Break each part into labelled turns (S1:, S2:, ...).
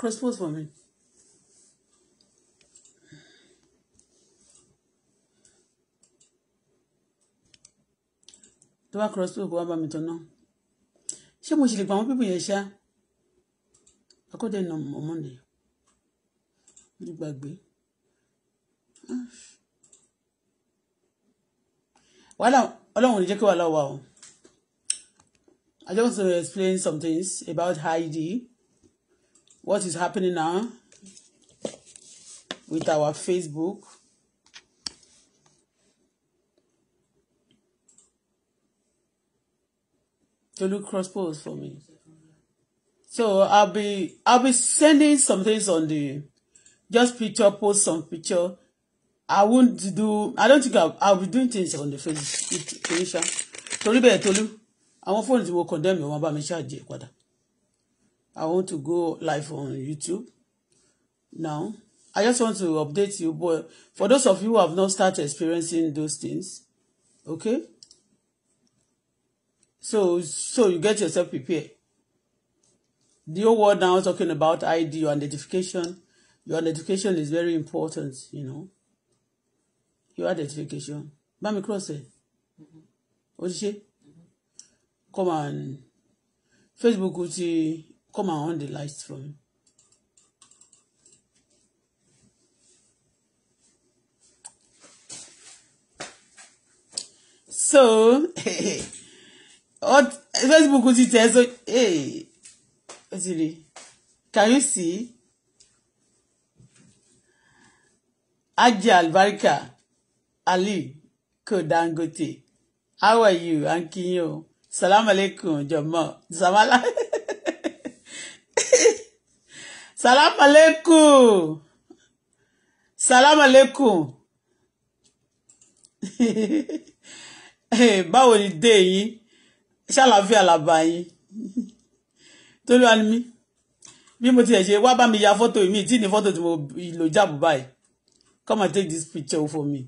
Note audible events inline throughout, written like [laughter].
S1: Cross post for me. tó bá cross post kó wá bá mi tán náà ṣé mo ṣì lè gba àwọn pípọ̀ yẹn ṣá akọ́dẹ̀ nà ọmọ nì ní gbàgbé wàhálà ọlọ́run ò ní jẹ́ kí wàhálà wà o I just want to explain some things about Heidi what is happening now with our Facebook. to look cross post for me. So I'll be I'll be sending some things on the just picture post some picture. I won't do I don't think I'll, I'll be doing things on the Facebook. Tolu, bẹ́ẹ̀ Tolú àwọn fóònù tí mo condemn wọn bá Me charge you. I want to go live on YouTube now. I just want to update you, but for those of you who have not started experiencing those things, okay? So, so you get yourself prepared. The whole world now talking about ID, your identification. Your identification is very important, you know. Your identification. Bami cross it. What did she? Come on. Facebook ti Come and on the lights for me. So, [laughs] what? Facebook ti tẹ so, hey, can you see? Aji Albarika Ali Kodangote, how are you? Ankinyo, salam alaikum, Jọmọ, salam alaikum salam aleikum salam aleikum [laughs] báwo ni dé yìí ṣàlàáfíà làbà yín tólú ànímí bí mo tiẹ̀ ṣe wá bá mi ya fọ́tò mi tí ní fọ́tò tí mo lò jáàbù báyìí come and take this picture for me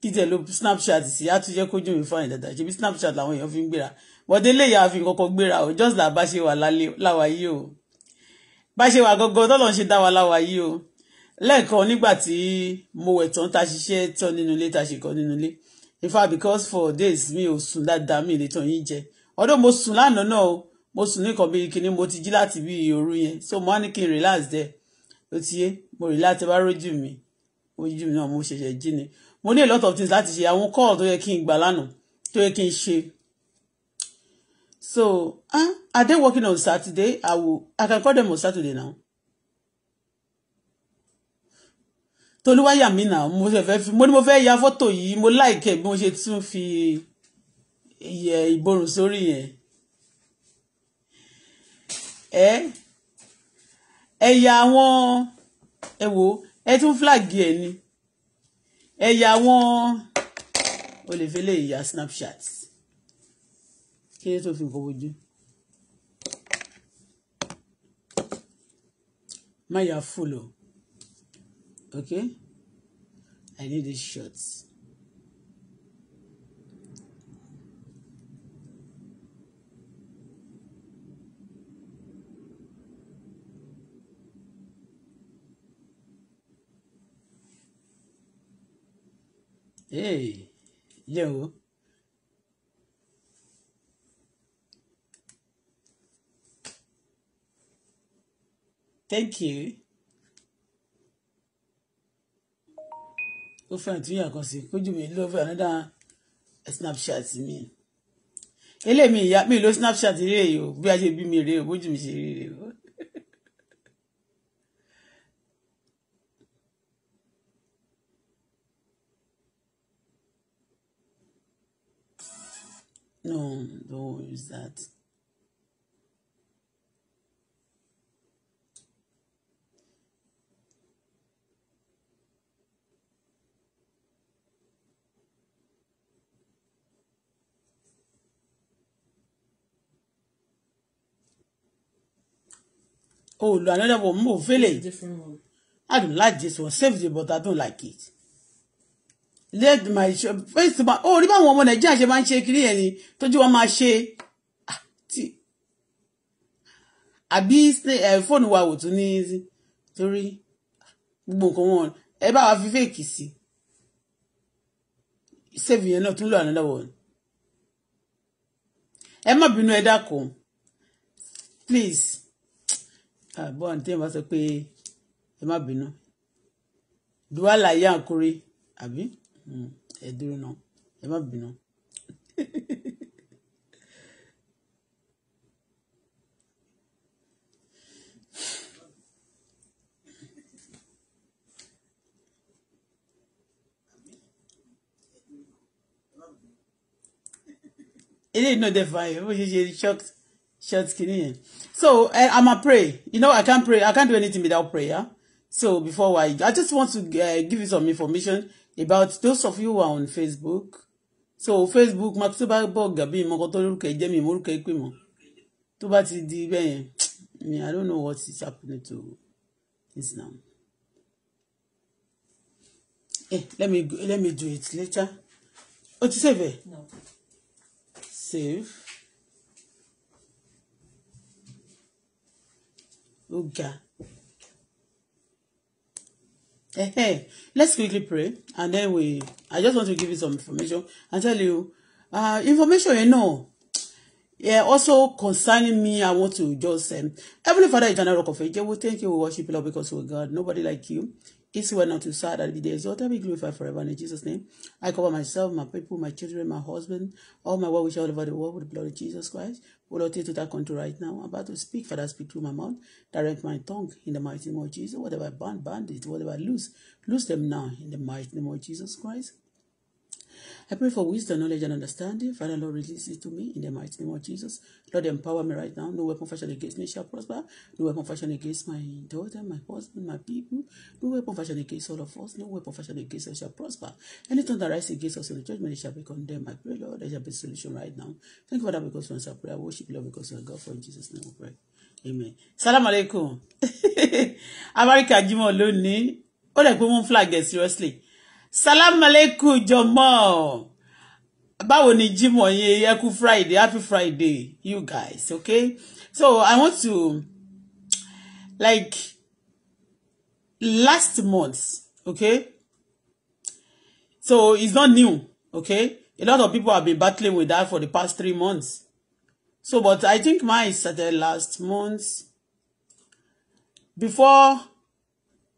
S1: kí tiẹ̀ lo snapchat sí á tún jẹ́ kójú mi fáwọn ìdàdà ṣe bí snapchat làwọn èèyàn fi ń gbéra bọ́dé lè yà á fi kọ́kọ́ gbéra o just làbá ṣe wà láwa yìí o bá ṣe wà gangan tọ́lọ́ ṣe dá wa láwa yìí o lẹ́ẹ̀kan nígbà tí mo wẹ̀ tán ta ṣiṣẹ́ tán nínú ilé ta ṣe kọ́ nínú ilé in fact because for days mi ò sùn dáadáa mi lè tàn yín jẹ ọdún mo sùn lánàá náà o mo sùn nìkan bí kinní mo ti jí láti bí òru yẹn so mo á ní kí n relax there ó ti yé mo relax bá rójú mi ojú mi náà mo ṣẹ̀ṣẹ̀ jí ni mo ní a lot of things láti ṣe àwọn call tó yẹ kí n gbà lánàá tó yẹ kí n ṣe So, uh, are they working on Saturday? I will. I can call them on Saturday now. Tolúwáyà mi na mo ṣe fẹ́ fi mo ní mo fẹ́ ya fọ́tò yìí mo láìkẹ́ bí mo ṣe tún fi iye ìborùn sórí eh Ẹ ẹ̀yà àwọn ẹ wo ẹ tún fúlàgì ẹ ni ẹ̀yà àwọn olèfẹ́lẹ̀ ìyá Snapchat ṣé tó fi nǹkan bojú má yà full o okay I need this shirt. Hey, yo. Oh. thank you. ó fẹ́ràn tún yà kan sí kójú mi ló fẹ́ another snapchat mi eléyìí mi ìyá mi ló snapchat rí èyí o bí a ṣe bí mi rí o bójú mi ṣe rí rí o. No, don't use that. Oh, another one, move, feel I don't like this one. Save the but I don't like it. Let my face to my oh, rí báwọn ọmọ Nàìjíríà ṣe máa ń ṣe kiri yẹn ni tójú wọn máa ṣe ah, àbí fóònù eh, wa ò tún ní torí gbogbo nǹkan wọn ẹ bá wa fi fèkì sí save yẹn náà tún lọ another one ẹ má bínú ẹ dákun please àbọ̀ àǹtí ẹ̀ bá sọ pé ẹ má bínú duwala yá àkúrẹ́ àbí hmm, ẹ dúró náà ẹ má bínú. eléyìí náà dẹ̀ fà yẹn bó ṣe ṣe shocked short skinny so uh, eh, i'm a pray you know i can't pray i can't do anything without prayer so before i i just want to uh, give you some information about those of you who are on facebook so facebook mark tó bá bọ gàbí ìmọkàn tó lórúkọ ẹjẹ mi ìmọrúkọ ẹpẹ mọ tó bá di i don't know what is happening to this now. Hey, eh, let me let me do it later. Ó ti save ẹ? No. Save. ó Hey, hey, let's quickly pray and then we I just want to give you some information and tell you uh, information you know yeah, also concerning me, I want to just say, um, Heavenly Father, eternal rock of ages, we thank you, we worship you, Lord, because we're God, nobody like you. It's well not to sad that be there exalted, be glorified forever. And in Jesus' name, I cover myself, my people, my children, my husband, all my well wishes all over the world with the blood of Jesus Christ. O Lord, take total control right now. I'm about to speak, Father, speak through my mouth. Direct my tongue in the mighty name of Jesus. Whatever I bind, bind it. Whatever I loose, loose them now in the mighty name of Jesus Christ. I pray for wisdom, knowledge, and understanding. Father, Lord, release it to me in the mighty name of Jesus. Lord, empower me right now. No weapon fashioned against me shall prosper. No weapon fashioned against my daughter, my husband, my people. No weapon fashioned against all of us. No weapon fashioned against us shall prosper. Anything that rises against us in the judgment, it shall be condemned. I pray, Lord, there shall be solution right now. Thank you, Father, because once answer prayer. I worship you, Lord, because you are God. For in Jesus' name, we pray. Amen. Salam alaikum. [laughs] America Jimoh lónìí. Ó dẹ̀ pé flag seriously salam aleikum jọmọ báwo ni jimoh yẹn ẹ friday happy friday you guys okay so i want to like last month okay so it's not new okay a lot of people have been battling with that for the past three months so but i think mine started last month before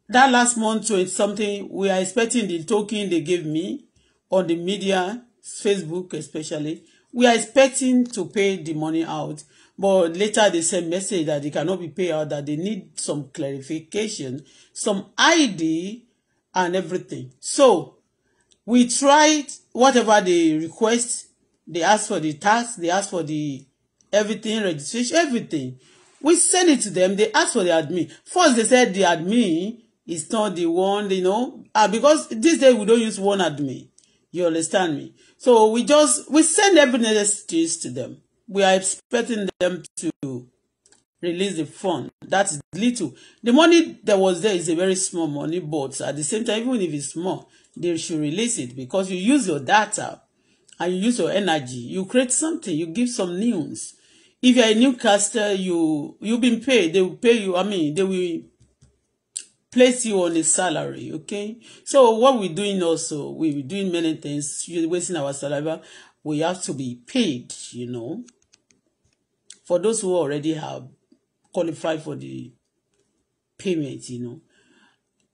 S1: that last month twenty something we are expecting the token they gave me on the media Facebook especially we are expecting to pay the money out but later they send message that they cannot be paid out that they need some clarification some ID and everything so we tried whatever they request they ask for the tax they ask for the everything registration everything we send it to them they ask for the admin first they said the admin It's not the one, you know. Uh, because this day we don't use one admin. You understand me? So we just we send every necessity to them. We are expecting them to release the fund. That's little. The money that was there is a very small money, but at the same time, even if it's small, they should release it because you use your data and you use your energy. You create something, you give some news. If you're a new caster, you you've been paid, they will pay you. I mean, they will place you on a salary okay so what we're doing also we're doing many things you're wasting our saliva we have to be paid you know for those who already have qualified for the payment you know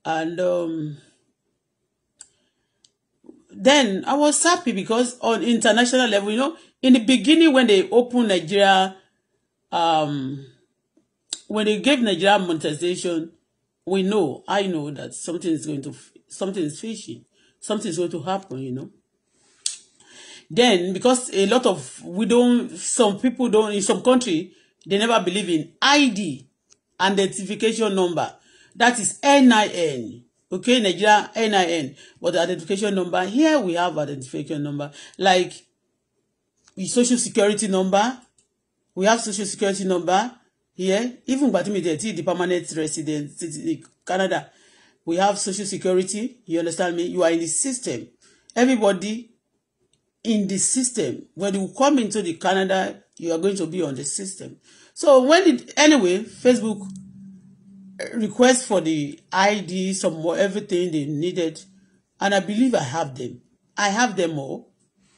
S1: and um then I was happy because on international level, you know, in the beginning when they opened Nigeria, um, when they gave Nigeria monetization, we know, I know that something is going to, something is fishy, something is going to happen, you know. Then, because a lot of, we don't, some people don't, in some country, they never believe in ID, identification number. That is NIN. Okay, Nigeria, NIN. But identification number, here we have identification number. Like, social security number, we have social security number, here even gbàtí mi dẹ̀ permanent resident in Canada we have social security you understand me you are in the system everybody in the system when you come into the Canada you are going to be on the system so when it anyway Facebook request for the ID, some more everything they needed, and I believe I have them. I have them all.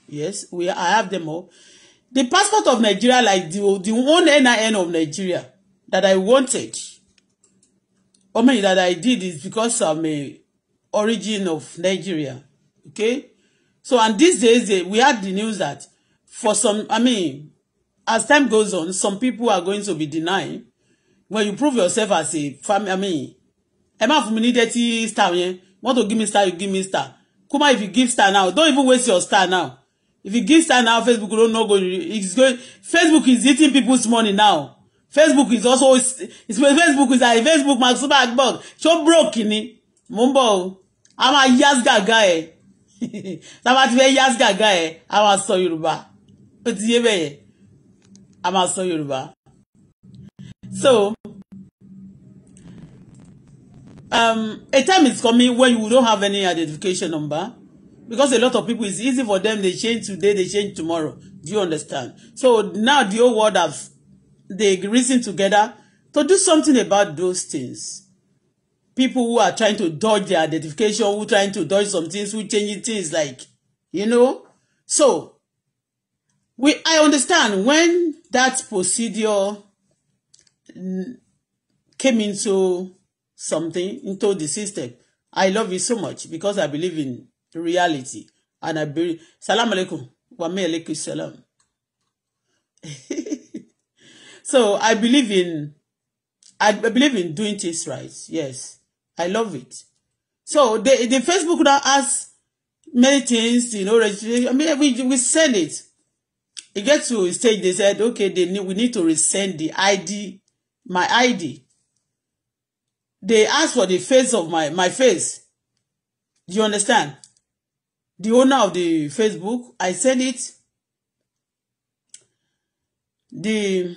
S1: Yes, we I have them all. The passport of Nigeria, like the, the one NIN of Nigeria that I wanted, or mean, that I did is because I'm a origin of Nigeria. Okay? So, and these days, we had the news that for some, I mean, as time goes on, some people are going to be denying when you prove yourself as a family, I mean, ẹ má fún mi ní dirty star yẹn. Want to give me star, you give me star. Kuma, if you give star now, don't even waste your star now if you give sign now facebook no no go it's going facebook is eating people's money now facebook is also it's, facebook is like facebook mark zuckerberg so broke ni mo ń bọ̀ o a máa yas gàgà ẹ̀ [laughs] tá a ti fẹ́ yas gàgà ẹ̀ a máa sọ yorùbá ó ti yé bẹ́yẹn a máa sọ yorùbá so um, a time is coming when you don't have any identification number because a lot of people it's easy for them they change today they change tomorrow do you understand so now the whole world have they reason together to do something about those things people who are trying to dodge their identification who trying to dodge some things who changing things like you know so we I understand when that procedure came into something into the system I love it so much because I believe in reality. And I believe. Salam alaikum. Wa alaikum salam. [laughs] So I believe in. I believe in doing things right. Yes, I love it. So the the Facebook now has many things, you know. Registration. I mean, we we send it. It gets to a stage. They said, okay, they need, we need to resend the ID, my ID. They ask for the face of my my face. Do you understand? the owner of the Facebook. I send it. The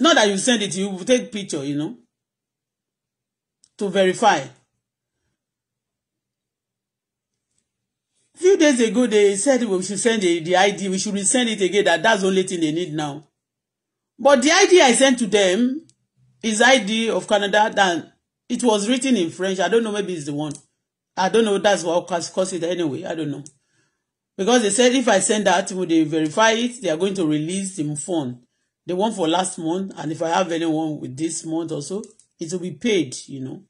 S1: not that you send it, you take picture, you know, to verify. Few days ago, they said we should send the, the ID. We should resend it again. That that's the only thing they need now. But the ID I sent to them is ID of Canada. That it was written in French. I don't know. Maybe it's the one. I don't know. That's what caused it anyway. I don't know. Because they said if I send that, will they verify it? They are going to release the phone. The one for last month. And if I have anyone with this month also, it will be paid, you know.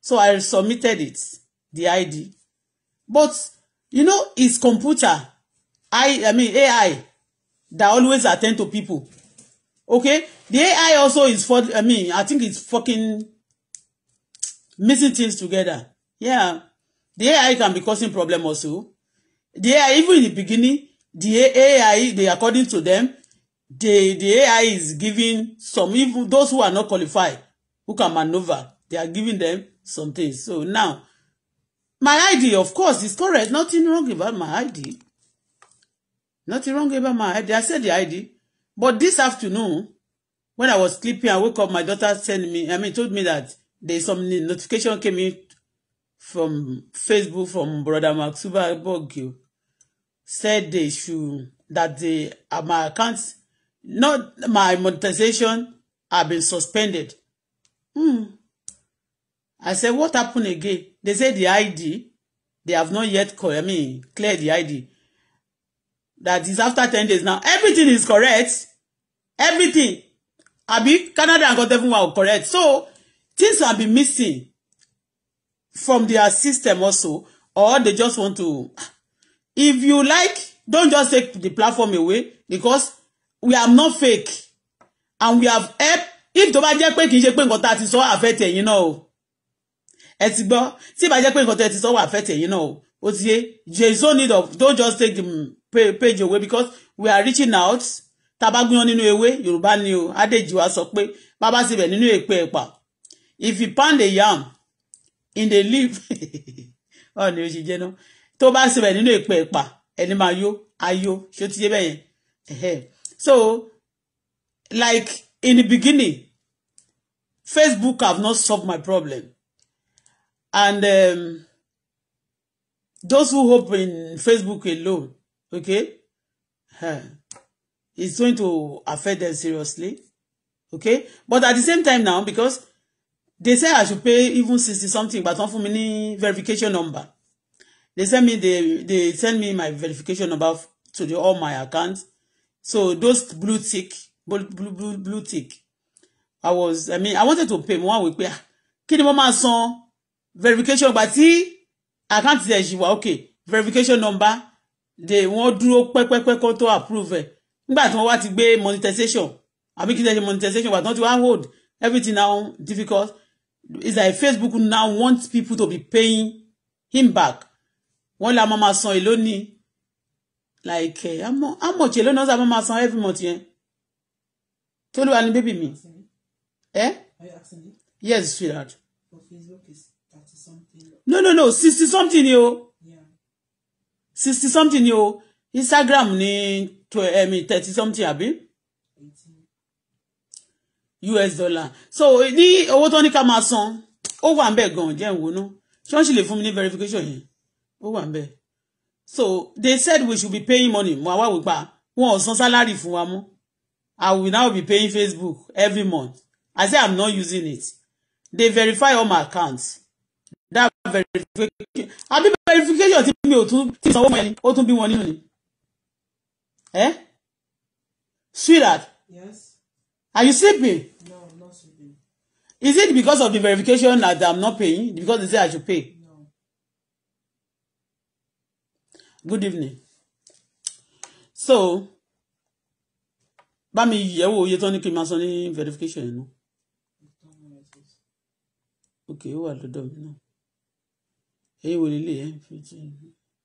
S1: So I submitted it, the ID. But, you know, it's computer. I, I mean, AI that always attend to people. Okay? The AI also is for, I mean, I think it's fucking missing things together. Yeah. The AI can be causing problem also. The AI, even in the beginning, the AI, they according to them, the, the AI is giving some, even those who are not qualified, who can maneuver, they are giving them some things. So now, my ID, of course, is correct. Nothing wrong about my ID. Nothing wrong about my ID. I said the ID. But this afternoon, when I was sleeping, I woke up, my daughter sent me, I mean, told me that there's some notification came in from Facebook from Brother Maxuba Bogio said they should that the uh, my accounts not my monetization have been suspended. Hmm. I said, what happened again? They said the ID, they have not yet call, I mean, clear the ID. That is after 10 days now. Everything is correct. Everything. Abi, Canada and Cote d'Ivoire correct. So, things have been missing from their system also or they just want to if you like don't just take the platform away because we are not fake and we have help if tó bá jẹ́ pé kì í ṣe pé nǹkan tá a ti sọ àfẹ́ tẹ̀yìn náà o ẹ ti gbọ́ tí ìbá jẹ́ pé nǹkan tá ti sọ wà àfẹ́ tẹ̀yìn náà o ó ti yé there is no need of don't just take the page away because we are reaching out tàbá gbìyàn nínú ewé Yorùbá ni o adéjìwá sọ pé bàbá síbẹ̀ nínú èpè ẹ̀pà if you pound the yam in the leaf ọ̀ [laughs] ni o ṣe jẹ́ náà tó bá síbẹ̀ nínú ìpẹ́ ẹ̀pà ẹni máa yó ayó ṣó ti yé bẹ́ẹ̀ yẹn so like in the beginning Facebook have not solved my problem and um, those who hope in Facebook alone okay huh, it's going to affect them seriously okay but at the same time now because they say I should pay even sixty something but wọ́n fún mi ní verification number they send me they they send me my verification number to the all my accounts so those blue tick blue blue blue, tick I was I mean I wanted to pay mo wá pay. pé ah kí ni mo máa san verification gba tí àkáǹtì ẹ̀ ṣì wà okay verification number they wọ́n dúró pẹ́pẹ́pẹ́ kó tó approve ẹ̀ nígbà tí wọ́n wá ti gbé monetization àbí kí ni ṣe monetization but tí wọ́n hold everything now difficult is that Facebook now wants people to be paying him back wọ́n la mama ma san èlò ní like eh, how much èlò náà sábà mama san every month yẹn tó ló wà ní bébì mi ẹ eh? yes sweetheart no no no sixty something ni o sixty something ni o Instagram ní eh, thirty something àbí us dollar so ní owó tó ní ká máa san ó wà ń bẹ̀ gan jẹ́ ìwònú ṣọ́ọ̀ṣì lè fún mi ní verification yẹn ó wà ń bẹ̀ so they said we should be paying money mo àwa wípa wọn ò san salary fún wa mọ́ i will now be paying facebook every month i say i'm not using it they verify all my accounts that verification àbí verification tí mi ò tún ti sanwó mọ́ ẹni ó tún bí wọn nínú ni ẹ eh? sweetheart yes are you sleeping. Is it because of the verification that I'm not paying? Because they say I should pay. No. Good evening. So, bá mi yẹ̀wò iye tó ní kí n máa san ní verification yẹn náà. Okay, ó wà lọ́dọ̀ mi náà. Ẹ̀yin wo lè lè ẹ́ fifteen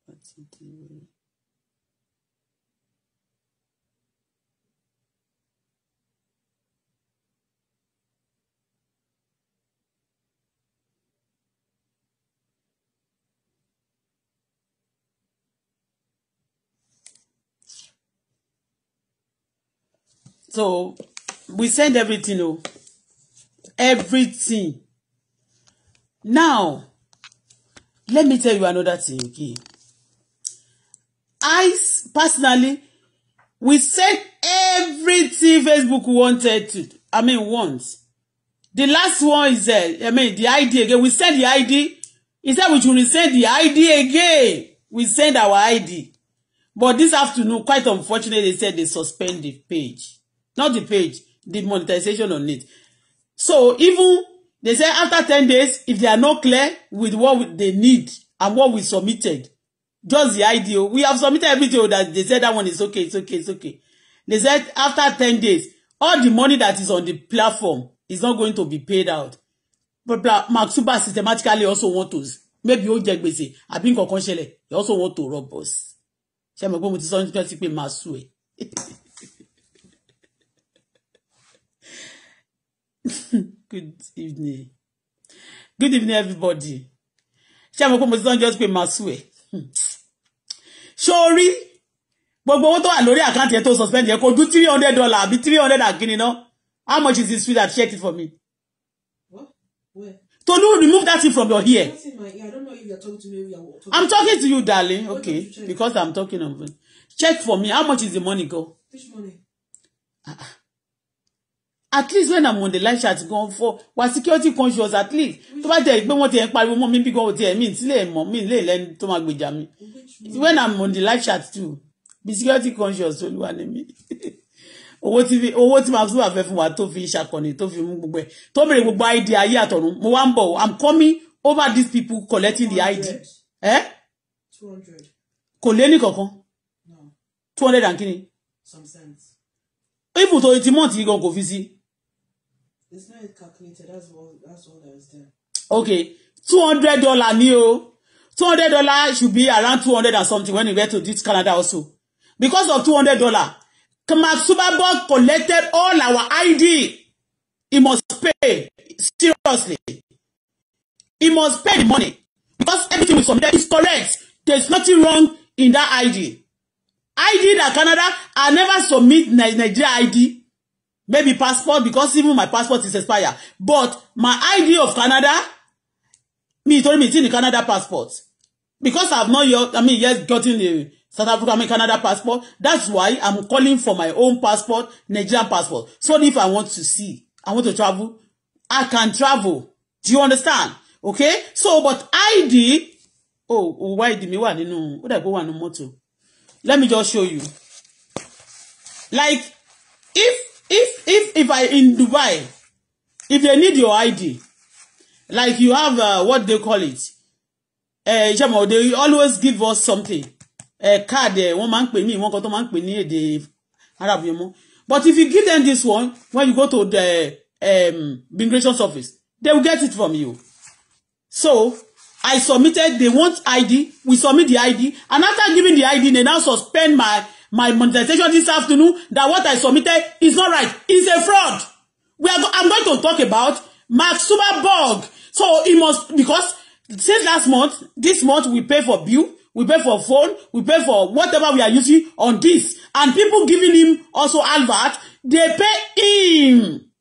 S1: thirty. so we send everything o oh. everything now let me tell you another thing again I personally we send everything Facebook wanted to I mean wants the last one is uh, I mean the ID again we send the ID He said we should resend the ID again we send our ID but this afternoon quite unfortunately they said they suspend the page not the page the monetization on it so even they say after ten days if they are not clear with what they need and what we submitted just the idea we have submitted everything that they said that one is okay it's okay it's okay they said after ten days all the money that is on the platform is not going to be paid out but Mark systematically also want to maybe ó jẹ gbèsè àbí nǹkan kan he also want to rob us ṣé mo pé mo ti sọ ní twenty pé màá sue [laughs] good evening good evening everybody ṣé àwọn ọkùnrin mo ti sọ just pé màá sùn ẹ sórí [laughs] gbogbo owó tó wà lórí àkáǹtì ẹ tó suspend yẹ kó dún three hundred dollar àbí three hundred and kìíní náà how much is this sweetheart check it for me. Tolu, remove that thing from your ear. I'm talking to you, darling. Okay, because I'm talking of it. Check for me. How much is the money go? Which money? Ah. ah at least when i'm on the live chat gan for wa security conscious at least tó bá jẹ́ pé wọ́n ti ẹ̀ ń pariwo mọ́ mi bí gan o ti ẹ̀ mí sílẹ̀ mọ́ mi lè lẹ́nu tó máa gbèjà mi when i'm on the live chat too be security conscious olúwa ni mi [laughs] owó tí owó tí màá tún wà fẹ́ fún wa tó fi ṣàkọni tó fi mú gbogbo ẹ̀ tó bèrè gbogbo id ayé àtọ̀run mo wá ń bọ̀ i'm coming over these people collecting the id ẹ̀ kò lé ní kankan two hundred and kini even tó ti mọ̀ tí gan kò fi sí. It's not calculated. That's all. That's all that is there. Okay, two hundred dollar new. Two hundred dollar should be around two hundred and something when you get to this Canada also. Because of two hundred dollar, Kamatsuba collected all our ID. He must pay seriously. He must pay the money because everything we submit is correct. There's nothing wrong in that ID. ID that Canada, I never submit Nigeria ID maybe passport because even my passport is expired but my id of canada mi torí mi ti the canada passport because I've not yet i mean yet gotten the south africa i mean canada passport that's why i'm calling for my own passport nigerian passport so if i want to see i want to travel i can travel do you understand okay so but id oh why oh, id mi wà nínú ó dà go wà nínú mọ́tò let me just show you like if if if if I in Dubai, if they need your ID, like you have uh, what they call it, uh, eh, Jamo, they always give us something. A eh, card, eh, wọ́n One man pè ní one kan tó máa ń pè ní èdè Arab yomo. But if you give them this one, when you go to the um, immigration office, they will get it from you. So I submitted, they want ID, we submit the ID, and after giving the ID, they now suspend my my monetization this afternoon that what I submitted is not right. It's a fraud. We are go I'm going to talk about Mark Zuckerberg. So he must because since last month, this month we pay for bill, we pay for phone, we pay for whatever we are using on this. And people giving him also advert, they pay him.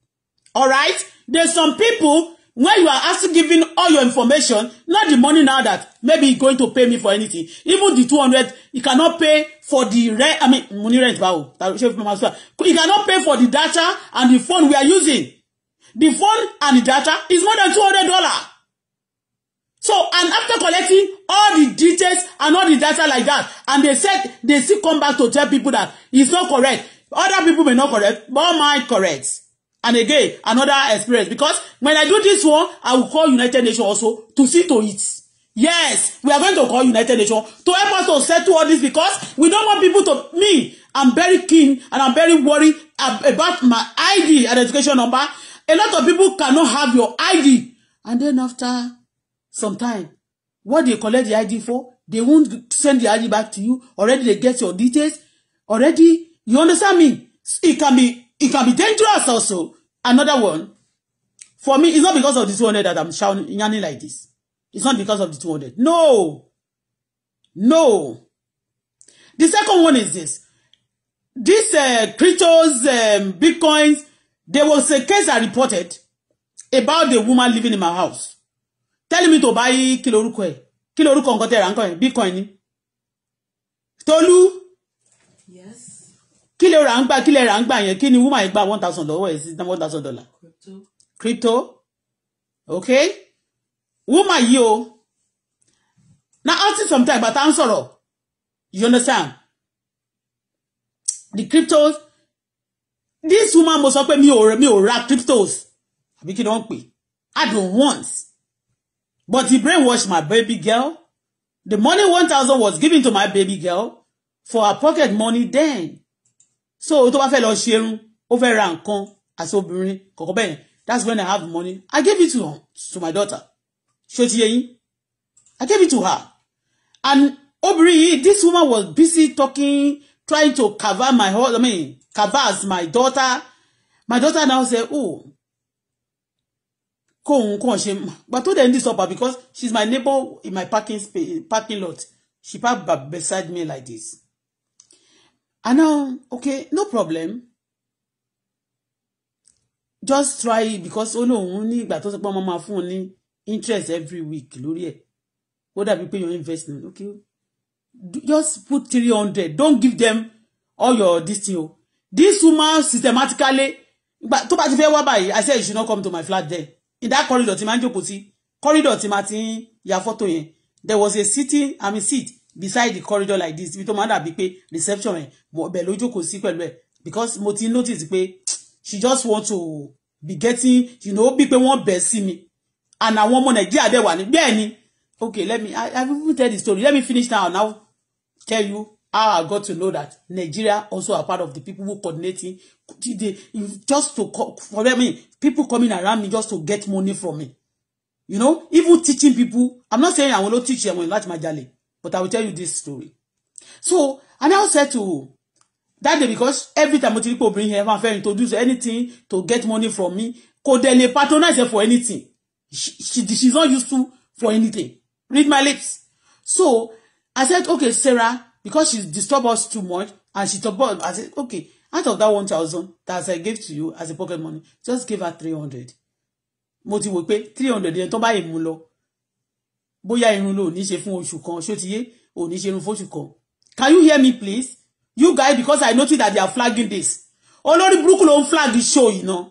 S1: All right? There's some people when you are asking giving all your information not the money now that maybe going to pay me for anything even the two hundred you cannot pay for the rent i mean money rent báwo you cannot pay for the data and the phone we are using the phone and the data is more than two hundred dollar so and after collecting all the details and all the data like that and they said they still come back to tell people that it's not correct other people may not correct but mine correct and again another experience because when I do this one I will call United Nations also to see to it yes we are going to call United Nations to help us to settle all this because we don't want people to me I'm very keen and I'm very worried about my ID and education number a lot of people cannot have your ID and then after some time what they collect the ID for they won't send the ID back to you already they get your details already you understand me it can be It can be dangerous also. Another one. For me, it's not because of the 200 that I'm shouting, yawning like this. It's not because of the 200. No. No. The second one is this. These uh, cryptos, um, bitcoins, there was a case I reported about the woman living in my house. Telling me to buy kí lorúkọ ẹ̀. Kí Bitcoin Tolu kí lè rà ń gbà kí lè rà ń gbà yẹn kí ni woman yẹn gba one thousand lọ́wọ́ yẹn sí one thousand dollar crypto ok woman yìí o na after some time bàtà ń sọ̀rọ̀ you understand the cryptos this woman mo sọ pé mi ò mi ò ra cryptos àbí kí ni wọ́n pè I don't want but he brainwash my baby girl the money one thousand was given to my baby girl for her pocket money then so tó bá fẹ́ lọ ṣerun ó fẹ́ ra nǹkan àti obìnrin kọ̀ọ̀kan bẹ́ẹ̀ that's when I have money I gave it to to my daughter ṣé o ti yẹ yín I gave it to her and obìnrin yìí this woman was busy talking trying to cover my whole I mean covers my daughter my daughter now say oh kóhun kóhun ṣe but tó then this disturb because she's my neighbor in my parking space parking lot she park beside me like this. I know. okay, no problem. Just try it because oh no, ní ìgbà tó sọ pé ọmọ máa interest every week lórí What have you pay your investment, okay? Just put three hundred. Don't give them all your this thing o. This woman systematically But to pass the wá báyìí I said you should not come to my flat there. In that corridor tí máa corridor tí your photo. There was a sitting, I mean seat beside the corridor like this ibi tó máa dàbí pé reception ẹ̀ bẹ̀ ló jókòó sí pẹ̀lú ẹ̀ because mo ti notice pé she just want to be getting you know bí pé wọ́n bẹ̀ sí mi and àwọn ọmọ nàìjíríà dẹ̀ wà ní bẹ́ẹ̀ ni okay let me i i will tell the story let me finish now and i tell you how i got to know that nigeria also are part of the people who coordinating they just to for me, people coming around me just to get money from me you know even teaching people i'm not saying àwọn ló teach ẹwọn láti máa jalè But I will tell you this story. So, I now said to that day because every time mo people bring pé obìnrin yẹn introduce anything to get money from me kò dẹ̀ lè patronize her for anything she, she she's not used to for anything read my lips so I said okay Sarah because she disturb us too much and she talk about I said okay out of that one thousand that I gave to you as a pocket money just give her three hundred mo ti pay three hundred yẹn tó bá yẹ mú lọ bóyá irun ló ní ṣe fún oṣù kan ṣó ò ní ṣe irun fóṣù kan can you hear me please you guys because i noticed that they are flagging this olórí burúkú ló ń flag show yìí náà.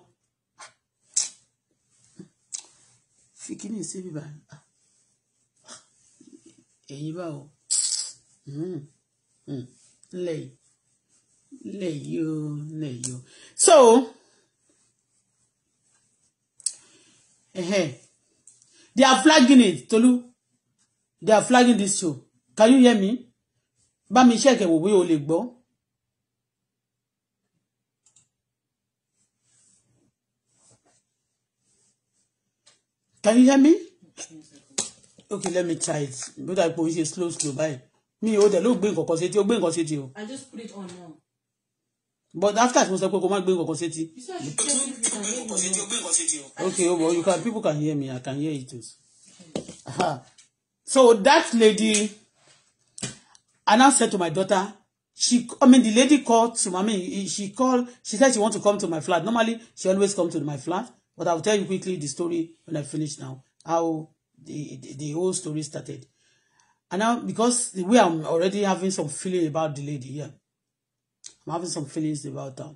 S1: fikini sí bíbá ẹ̀yin báwo lẹ́yìn lẹ́yìn o hmm, hmm. lẹ́yìn o so eh, eh, they are flagging it Tolu they are flagging this show can you hear me bá mi ṣe ìkẹwò wí o lè can you hear me okay let me try it But I put ṣe slow slow by me. ò dẹ̀ ló gbé nǹkan kan sétí ó gbé nǹkan sétí o. i just put it on now. but after it, mo sọ pé kò bring gbé nǹkan okay o but you can people can hear me i can hear it too. Huh. So that lady, I now said to my daughter, she, I mean, the lady called to my, she called, she said she want to come to my flat. Normally, she always come to my flat, but I'll tell you quickly the story when I finish now, how the, the, the whole story started. And now, because the way I'm already having some feeling about the lady here, yeah, I'm having some feelings about her.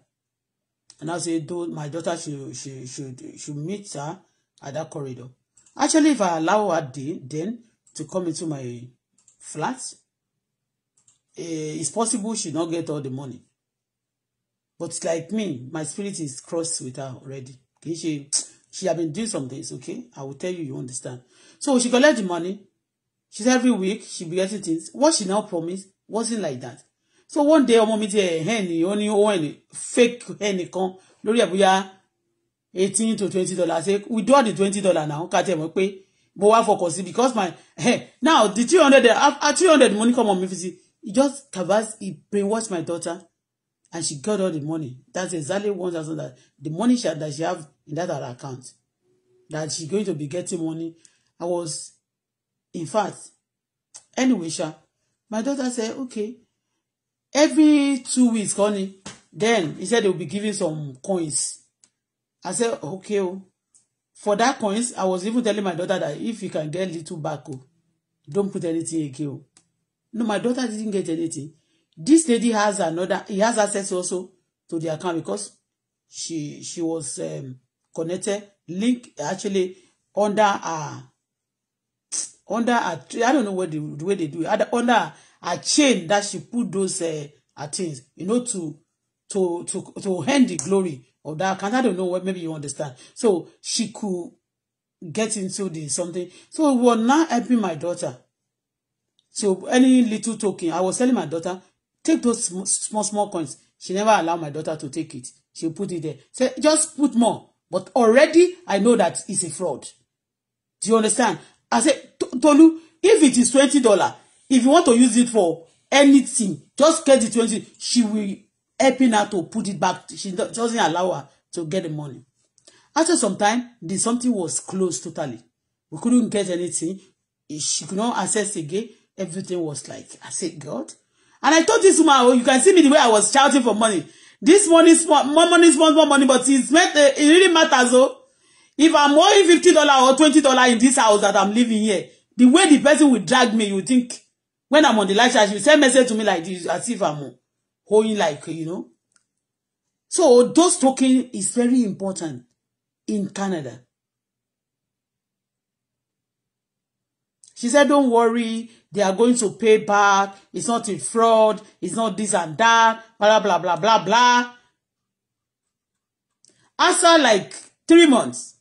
S1: And I say, "Do my daughter should, should, should, should meet her at that corridor. Actually, if I allow her then, then to come into my flat. Eh, it's possible she not get all the money. But like me, my spirit is crossed with her already. Okay, she she have been doing some things, okay? I will tell you, you understand. So she collect the money. She's every week, she be getting things. What she now promised wasn't like that. So one day, ọmọ mi ti ẹ̀hẹ́n ni ó only owó fake ẹ̀nì come. lórí abuya, eighteen to twenty dollars. Say, we do the twenty dollar now, ká tẹ̀ mọ́ But wá focus it because my hey, eh, now the three hundred at uh, three hundred money come on me fisi he just canvas he brainwash my daughter and she got all the money that's exactly one thousand that the money she, that she have in that other account that she going to be getting money I was in fact anyway sha my daughter said okay every two weeks honey then he said they will be giving some coins I said okay Oh for that coins i was even telling my daughter that if you can get little back o oh, don't put anything again o oh. no my daughter didn't get anything this lady has another he has access also to the account because she she was um, connected link actually under her under her i don't know what the, the way they do it under a chain that she put those uh, things you know to to to to hand the glory or that account. I don't know what maybe you understand. So she could get into the something. So we were now helping my daughter. So any little token, I was telling my daughter, take those sm small small coins. She never allowed my daughter to take it. She put it there. Say just put more. But already I know that it's a fraud. Do you understand? I said, Tolu, if it is twenty dollar, if you want to use it for anything, just get the twenty. She will helping her to put it back. She doesn't allow her to get the money. After some time, the something was closed totally. We couldn't get anything. She could not access again. Everything was like, I said, God. And I told this woman, oh, you can see me the way I was shouting for money. This money is more money is more, money, but it's met, eh, it really matters. Oh, if I'm owing fifty dollar or twenty dollar in this house that I'm living here, the way the person will drag me, you think when I'm on the live chat, she will send message to me like this, as if I'm going like, you know. So those token is very important in Canada. She said, don't worry, they are going to pay back. It's not a fraud. It's not this and that. Blah, blah, blah, blah, blah. After like three months,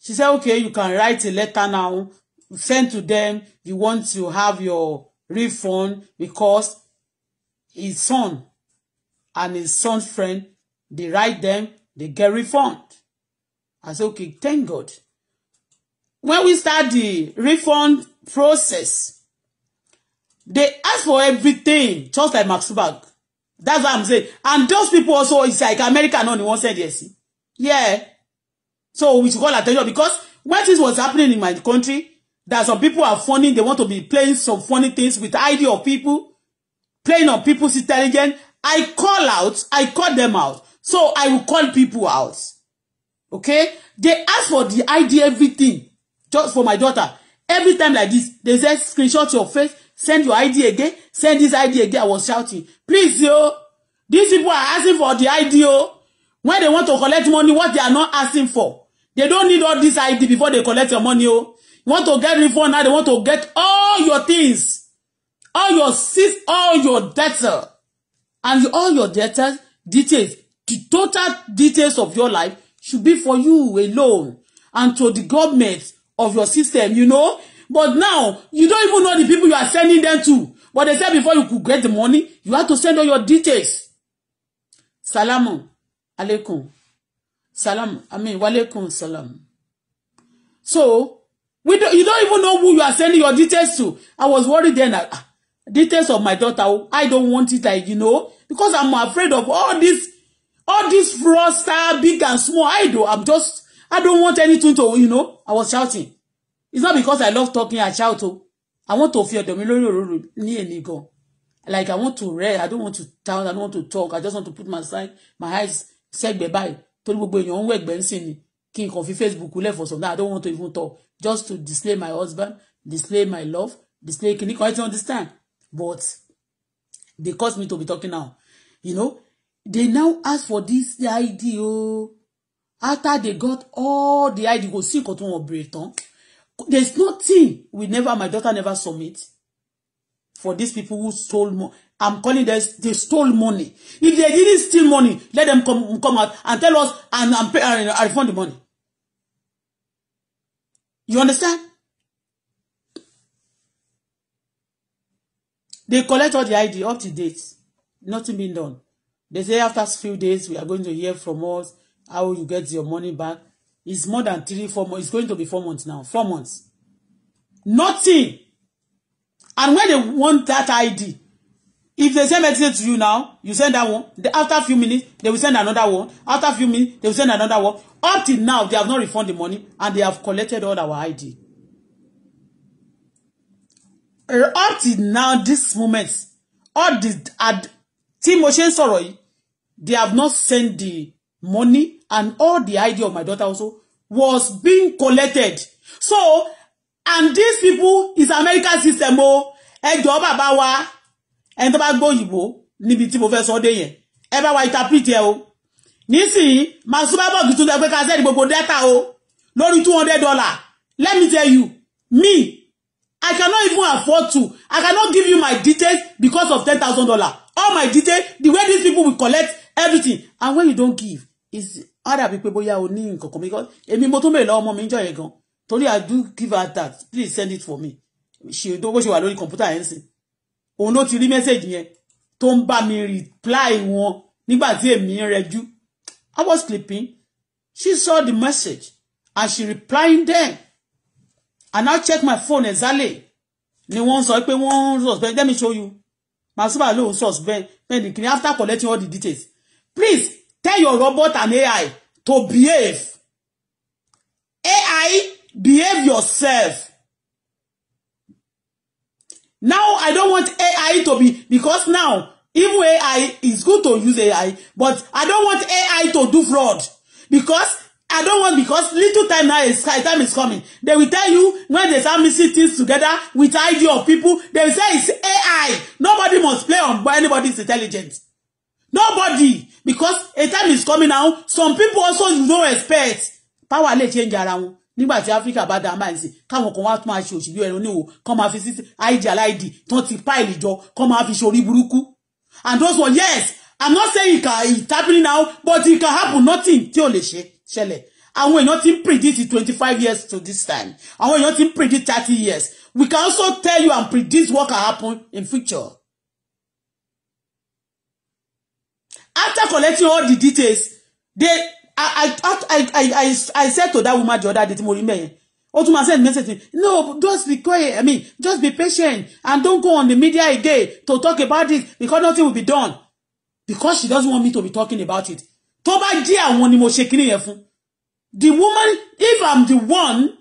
S1: she said, okay, you can write a letter now. Send to them. You want to have your refund because his son and his son's friend, they write them, they get refund. I said, okay, thank God. When we start the refund process, they ask for everything, just like Max Bag. That's what I'm saying. And those people also, it's like America, no, they won't send yes. Yeah. So we should call attention because when this was happening in my country, that some people are funny, they want to be playing some funny things with ID of people playing on people's intelligence. I call out, I call them out. So I will call people out. Okay? They ask for the ID, everything, just for my daughter. Every time like this, they say, screenshot your face, send your ID again, send this ID again. I was shouting, please, yo, these people are asking for the ID, yo. When they want to collect money, what they are not asking for. They don't need all this ID before they collect your money, yo. You want to get refund now, they want to get all your things all your sins all your debtor and all your debtors details the total details of your life should be for you alone and to the government of your system you know but now you don't even know the people you are sending them to but they said before you could get the money you have to send all your details salamu alaikum salam i mean walaikum salam so we don't, you don't even know who you are sending your details to i was worried then ah details of my daughter I don't want it like you know because I'm afraid of all this all this fraudster big and small I do I'm just I don't want anything to you know I was shouting it's not because I love talking I shout o oh. I want to fear ọ̀dọ̀ mi lórí òróró ní like I want to read I don't want to talk I don't want to talk I just want to put my side my eyes sẹ́gbẹ̀ẹ́ bye torí gbogbo èèyàn ń wẹ̀gbẹ́ ń sìn ni kí n kàn fi Facebook lẹ̀ for some time I don't want to even talk just to display my husband display my love display kìnnìkan I don't understand But they caused me to be talking now. You know, they now ask for this ID. Oh, after they got all the ID, go see Cotton or Breton. There's nothing we never, my daughter never submit for these people who stole money. I'm calling them, they stole money. If they didn't steal money, let them come, come out and tell us and, and, pay, and, refund the money. You understand? They collect all the ID up to date. Nothing been done. They say after few days, we are going to hear from us how you get your money back. It's more than three, four months. It's going to be four months now. Four months. Nothing. And when they want that ID, if they send message to you now, you send that one. after a few minutes, they will send another one. After a few minutes, they will send another one. Up till now, they have not refunded the money and they have collected all our ID up till now this moment all the ad tí mo ṣe ń sọ̀rọ̀ yìí they have not sent the money and all the ID of my daughter also was being collected so and these people is American system o ẹ jọ̀ọ́ bàbá wa ẹni tó bá gbóyìnbó níbi tí mo fẹ́ sọ dé yẹn ẹ bá wa interpret ẹ o nísìnyí masubabogi tún sọ pé ká sẹ́ni gbogbo data o lórí two hundred dollar let me tell you me I cannot even afford to. I cannot give you my details because of ten thousand dollar. All my details, the way these people will collect everything. And when you don't give, is other people Boya oni koko nǹkan kan because èmi mo tún bèrè lọ́wọ́ ọmọ mi ń gan. Torí I do give her that. Please send it for me. She don't bó she alone lórí kọ̀ǹpútà yẹn sìn? Òun ló ti rí mẹ́sẹ̀gì yẹn tó mi reply wọn Niba zee èmi read you. I was sleeping. She saw the message and she replying there. I now check my phone exactly ni wọ́n sọ pé wọ́n suspend let me show you My super low suspend pending kini after collecting all the details please tell your robot and AI to behave AI behave yourself now I don't want AI to be because now even AI is good to use AI but I don't want AI to do fraud because I don't want because little time now is time is coming. They will tell you when they start mixing things together with idea of people, they will say it's AI. Nobody must play on anybody's intelligence. Nobody. Because a time is coming now, some people also you don't expect. Power let change around. wọn. Nígbà Africa bá dá máa ń sìn, káwọn kan wá tún máa ṣe òṣèlú ẹran ní o, this máa fi sí ID aláìdì, tán ti páìlì jọ, kán máa And those one yes, I'm not saying it can, it's happening now, but it can happen nothing tí ò lè ṣẹlẹ̀ àwọn èèyàn ti ń predict twenty five years to this time àwọn èèyàn ti ń predict thirty years we can also tell you and predict what can happen in future. after collecting all the details they I I I I I said to that woman the other day tí mo rí mẹ́yìn ó tún máa send message no just be quiet I mean just be patient and don't go on the media again to talk about it because nothing will be done because she doesn't want me to be talking about it tó bá jẹ́ àwọn ni mo ṣe kíní yẹn fún the woman if i'm the one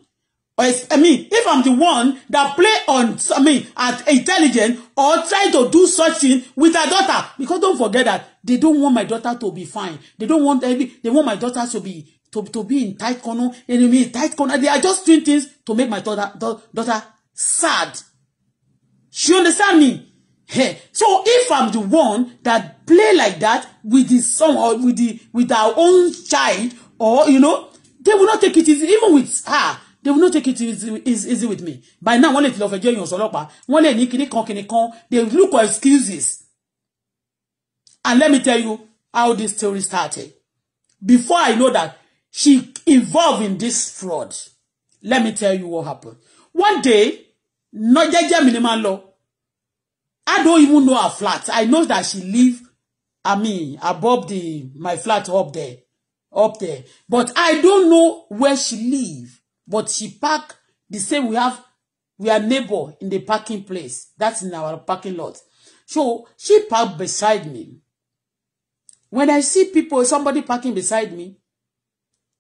S1: I mean if i'm the one that play on I mean at intelligent or try to do such thing with her daughter because don't forget that they don't want my daughter to be fine they don't want every they want my daughter to be to, to be in tight corner and be in tight corner they are just doing things to make my daughter daughter sad she understand me Hey. So if I'm the one that play like that with the son or with the with our own child, or you know, they will not take it easy, even with her. They will not take it easy, easy, with me. By now, one lè ti lọ fẹjọ́ èèyàn sọ́lọ́pàá, wọ́n lè ní kinní kan kinní they look for excuses. And let me tell you how this story started. Before I know that she involved in this fraud, let me tell you what happened. One day, no jẹ́jẹ́ mi law. I don't even know her flat. I know that she live, I mean, above the my flat up there, up there. But I don't know where she live. But she park the same. We have we are neighbor in the parking place. That's in our parking lot. So she parked beside me. When I see people, somebody parking beside me,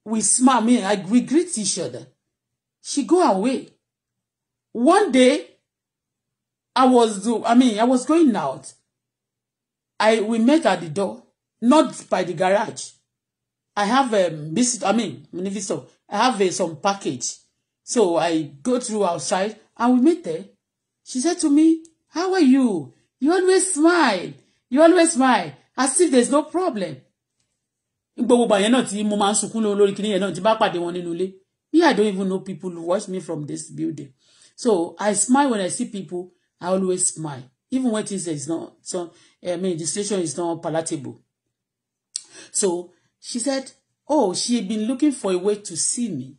S1: we smile. Me, I we greet each other. She go away. One day, I was do I mean I was going out. I we met at the door, not by the garage. I have a um, visit. I mean, visitor. I have a, uh, some package, so I go through outside and we met there. She said to me, "How are you? You always smile. You always smile as if there's no problem." gbogbo ìgbà yẹn náà tí mo máa ń sunkún lórí kinní me I don't even know people who watch me from this building so I smile when I see people I always smile, even when things is not so. Eh, I mean, the situation is not palatable. So she said, "Oh, she had been looking for a way to see me.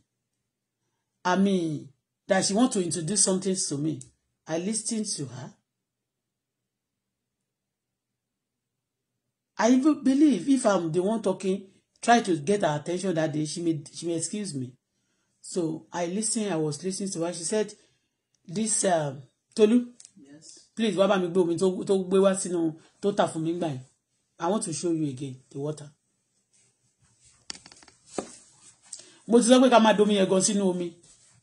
S1: I mean, that she want to introduce something to me." I listened to her. I even believe if I'm the one talking, try to get her attention that day, she may she may excuse me. So I listened, I was listening to her. She said, This um, Tolu, please wá bá mi gbé omi tó gbé wá sínú tó tà fún mi gbà yẹn I want to show you again the water. mo ti sọ pé ká máa domi yẹn gan sínú omi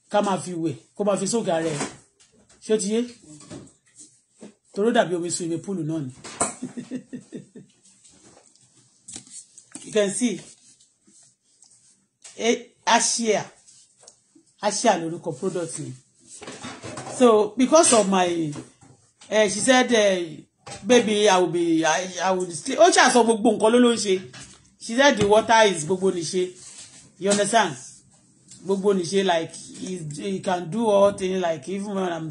S1: ká máa fi wẹ̀ kó máa fi sóògì ara ẹ̀ ṣé o ti yé toró dàbí omi sun ìwé púùlù náà ni [laughs] you can see eh, asia asia lórúkọ product ni so because of my uh, she said uh, baby i will be i, I will sleep ó ṣàṣọ gbogbo nǹkan ló ló she said the water is gbogbo She, you understand gbogbo She like he, he can do all things like even when i'm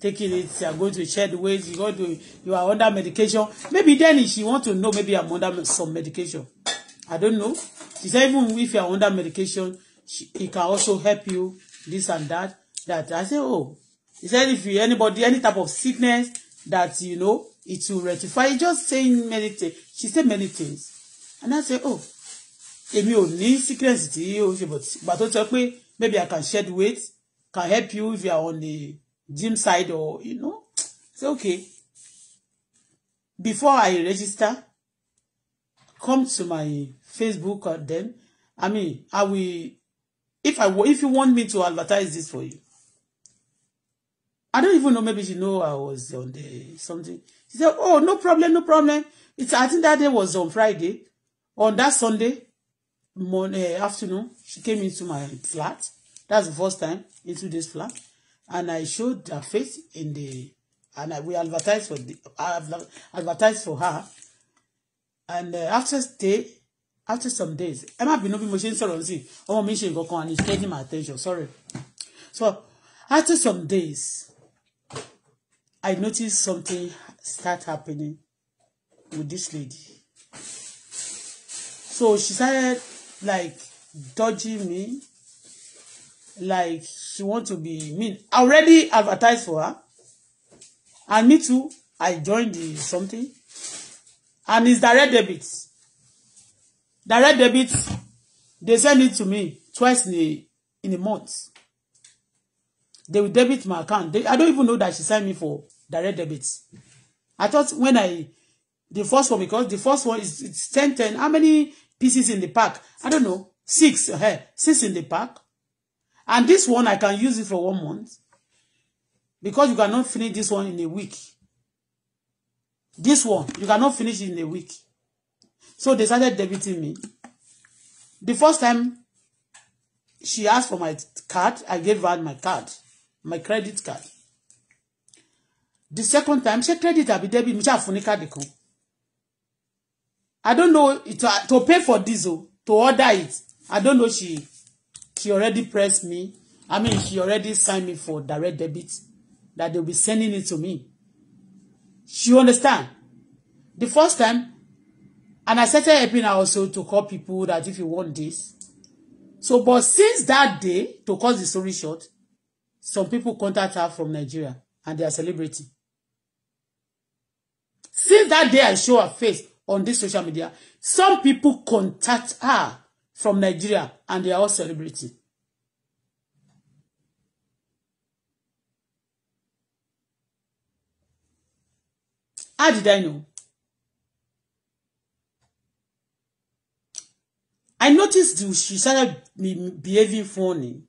S1: taking it you are going to shed weight you go to you are under medication maybe then she want to know maybe i'm under some medication i don't know she said even if you are under medication she, it can also help you this and that that i say oh He said if you anybody any type of sickness that you know it will rectify. He just saying many things. She said many things. And I said, oh, èmi ò ní sickness tí ó ṣe but but ó tell pé maybe I can shed weight, can help you if you are on the gym side or you know. Say okay. Before I register, come to my Facebook or uh, them. I mean, I will if I if you want me to advertise this for you. I don't even know. Maybe she know I was on the something. She said, "Oh, no problem, no problem." It's I think that day was on Friday. On that Sunday morning eh, afternoon, she came into my flat. That's the first time into this flat, and I showed her face in the and I, we advertised for the advertised for her. And uh, after stay, after some days, Emma be no be machine ṣe ń sọ̀rọ̀ sí ọmọ mi ṣe nǹkan and it's getting my attention sorry. So after some days. I noticed something start happening with this lady. So she started like dodging me. Like she want to be mean. I already advertised for her. And me too, I joined the something. And it's direct debit. Direct debit, they send it to me twice in a, in a month. They will debit my account. They, I don't even know that she signed me for direct debit. I thought when I the first one because the first one is it's 10 10 how many pieces in the pack i don't know six hey, eh, six in the pack and this one i can use it for one month because you cannot finish this one in a week this one you cannot finish in a week so they started debiting me the first time she asked for my card i gave her my card my credit card the second time ṣé credit àbí debit mo ṣáà fún ní káàdì kan i don't know to, uh, to pay for this o oh, to order it i don't know she she already pressed me i mean she already signed me for direct debit that they be sending it to me she understand the first time and i started helping her also to call people that if you want this so but since that day to cause the story short some people contact her from Nigeria and they are celebrating Since that day I show her face on this social media, some people contact her from Nigeria and they are all celebrity. How did I know? I noticed she started behaving funny.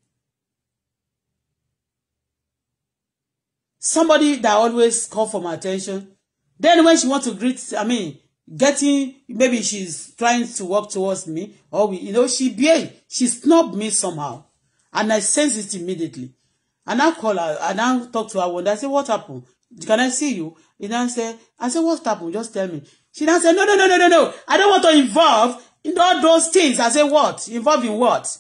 S1: Somebody that always call for my attention Then when she want to greet, I mean, getting, maybe she's trying to walk towards me, or, we, you know, she be she snub me somehow. And I sense it immediately. And I call her, and I talk to her one day, I say, what happened? Can I see you? And I say, I say, what happened? Just tell me. She now say, no, no, no, no, no, no. I don't want to involve in all those things. I say, what? Involve in what?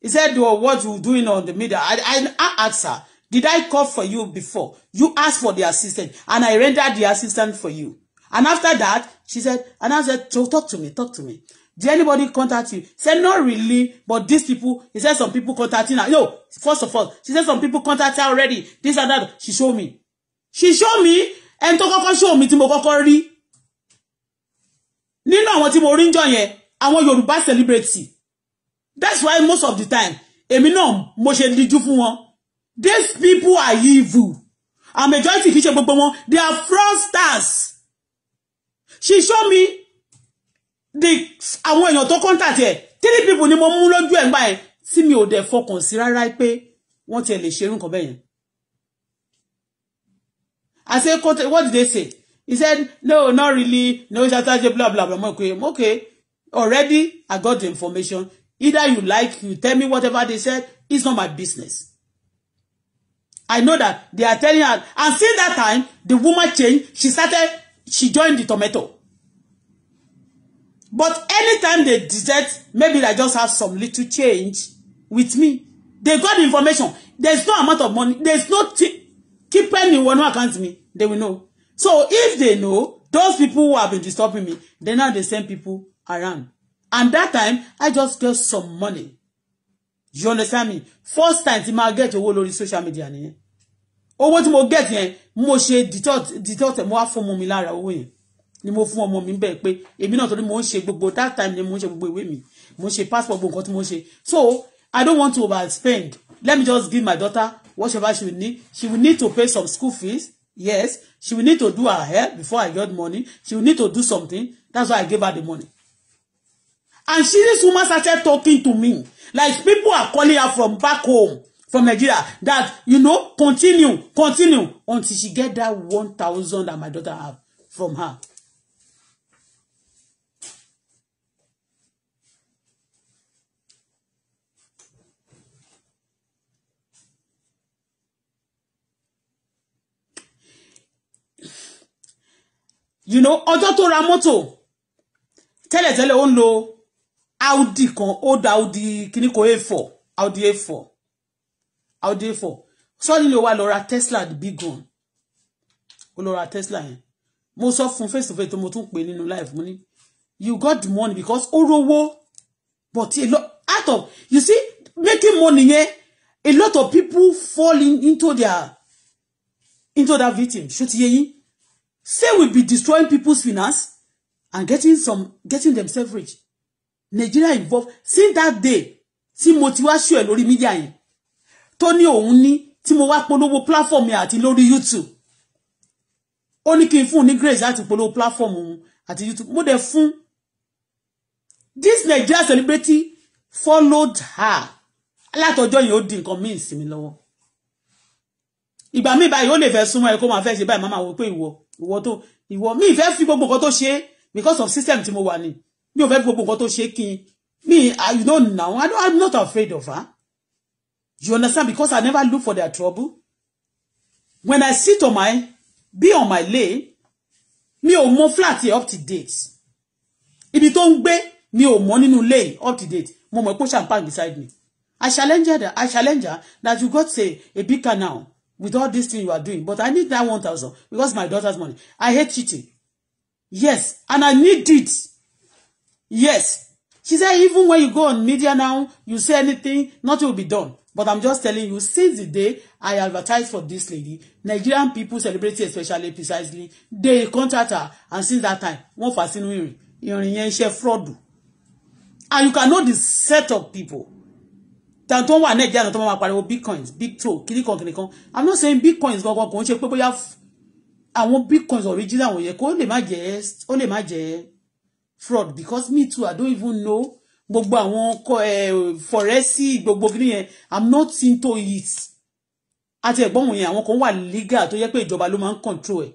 S1: He said, well, what you doing on the media? I, I, I asked her. Did I call for you before? You asked for the assistant, and I rendered the assistant for you. And after that, she said, and I said, talk to me, talk to me. Did anybody contact you? said, not really, but these people, he said some people contacting her. No, first of all, she said some people contact her already. This and that. She showed me. She showed me, and talk kọ́kọ́ show mi tí mo kọ́kọ́ rí. want to tí mo rí níjọ́ yẹn, àwọn Yorùbá celebrity. That's why most of the time, Eminem, Moshe, mo one these people are evil and majority kì í ṣe they are fraudsters she showed me the àwọn èèyàn tó contact ẹ three people ni mo mú lójú ẹ̀ ń gbà ẹ̀ tí mi ò dẹ̀ fọkàn sí rárá pé wọ́n tiẹ̀ lè run nǹkan bẹ́ẹ̀ I said, what did they say? He said no not really no ṣàtàjẹ bla Blah blah blah." pe okay already I got the information either you like you tell me whatever they said it's not my business. I know that they are telling her. And since that time, the woman changed. She started, she joined the tomato. But anytime they desert, maybe I just have some little change with me. They got information. There's no amount of money. There's no keeping any one account me. They will know. So if they know, those people who have been disturbing me, they're not the same people around. And that time, I just got some money you understand me first time tí máa get owó lórí social media nìyẹn owó tí mo get yẹn mo ṣe detox mo wá fún ọmọ mi lára owó yẹn ni mo fún ọmọ mi bẹ́ẹ̀ pé èmi náà torí mo ń gbogbo that time ni mo ń ṣe gbogbo ìwé mi mo ń passport gbogbo nǹkan tí mo ń so I don't want to overspend let me just give my daughter whatever she will need she will need to pay some school fees yes she will need to do her hair before I get money she will need to do something that's why I gave her the money and she this woman started talking to me Like people are calling her from back home, from Nigeria, that, you know, continue, continue, until she get that one thousand that my daughter have from her. You know, ọjọ́ tó ra mọ́tò tẹ́lẹ̀tẹ́lẹ̀ ó ń lo audi kan old audi kini ko a4 audi a4 audi a4 sọ́ọ́ni ló wà lọ ra tesla the big one ó lọ ra tesla yẹn mo sọ fún face to face to mo tún pè nínú live mo ní you got the money because ó rówó but a lot out of you see making money yẹn a lot of people falling into their into that victim ṣó ti say we be destroying people's finance and getting some getting themselves rich Nigeria involved since that day tí mo ti wá ṣù ẹ̀ lórí mídíà yẹn tó ní òun ní tí mo wá polówó platform yẹn àti lórí YouTube ó ní kí n fún un ní grace láti polówó platform òun àti YouTube mo dẹ̀ fún this Nigeria celebrity followed her látọjọ́ yìí ó di nǹkan míì sí mi lọ́wọ́ ìgbà míì báyìí ó lè fẹ́ súnmọ́ ẹ kó máa fẹ́ ṣe báyìí máa máa wọ pé ìwọ ìwọ tó ìwọ míì fẹ́ fi gbogbo nǹkan tó ṣe because of system tí mo wà ní mi ò fẹ́ gbogbo nǹkan tó ṣe kí n me you know now I don't, I'm not afraid of her you understand because I never look for their trouble when I sit on my be on my lane mi ò mọ flat up to date ibi tó ń gbé mi ò mọ nínú lay, up to date mo mọ̀ pé champagne beside me I challenge her I challenge her that you got say a big car now with all this thing you are doing but I need that one thousand because my daughter's money I hate cheating yes and I need it Yes. She said, even when you go on media now, you say anything, nothing will be done. But I'm just telling you, since the day I advertised for this lady, Nigerian people, celebrated especially, precisely, they contact her. And since that time, one fà sínú ìrìn. Ìrìn share ṣe fraud. And you can know the set of people. Tàn tó wà Nàìjíríà tó máa pariwo bitcoins, bitcoin, kìnìkan kìnìkan. I'm not saying bitcoins go. kò ń ṣe pé bóyá àwọn bitcoins original wọ̀nyẹn kó lè má jẹ́ ó lè má jẹ́ fraud because me too I don't even know gbogbo àwọn eh, fọrẹsì gbogbo kìíní yẹn I'm not into it àti ẹ̀gbọ́n wọn yẹn àwọn kan wà legal tó yẹ pé ìjọba ló máa ń control ẹ̀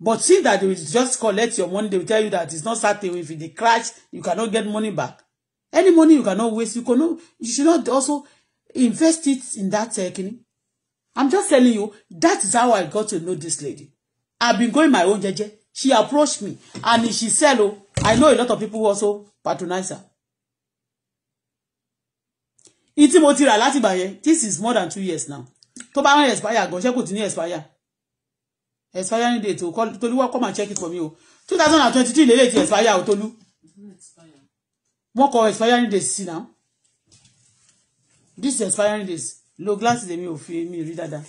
S1: but see that they will just collect your money they will tell you that it's not certain if you dey crash you cannot get money back any money you cannot waste you no. you should not also invest it in that technique I'm just telling you that is how I got to know this lady I've been going my own jeje she approached me and she sell o. Oh, I know a lot of people who also patronize her. Iti mo ti rà láti this is more than two years now. Tó bá ń expire gan, ṣé kò ti ní expire? Expiring date o, Tolú come and check it for me o. Two thousand and twenty-three lélẹ̀ ti expire o, Tolú. Wọ́n kọ expiring date sí now. This is expiring date. Lo gíláàsì lèmi ò fi mi rí dáadáa.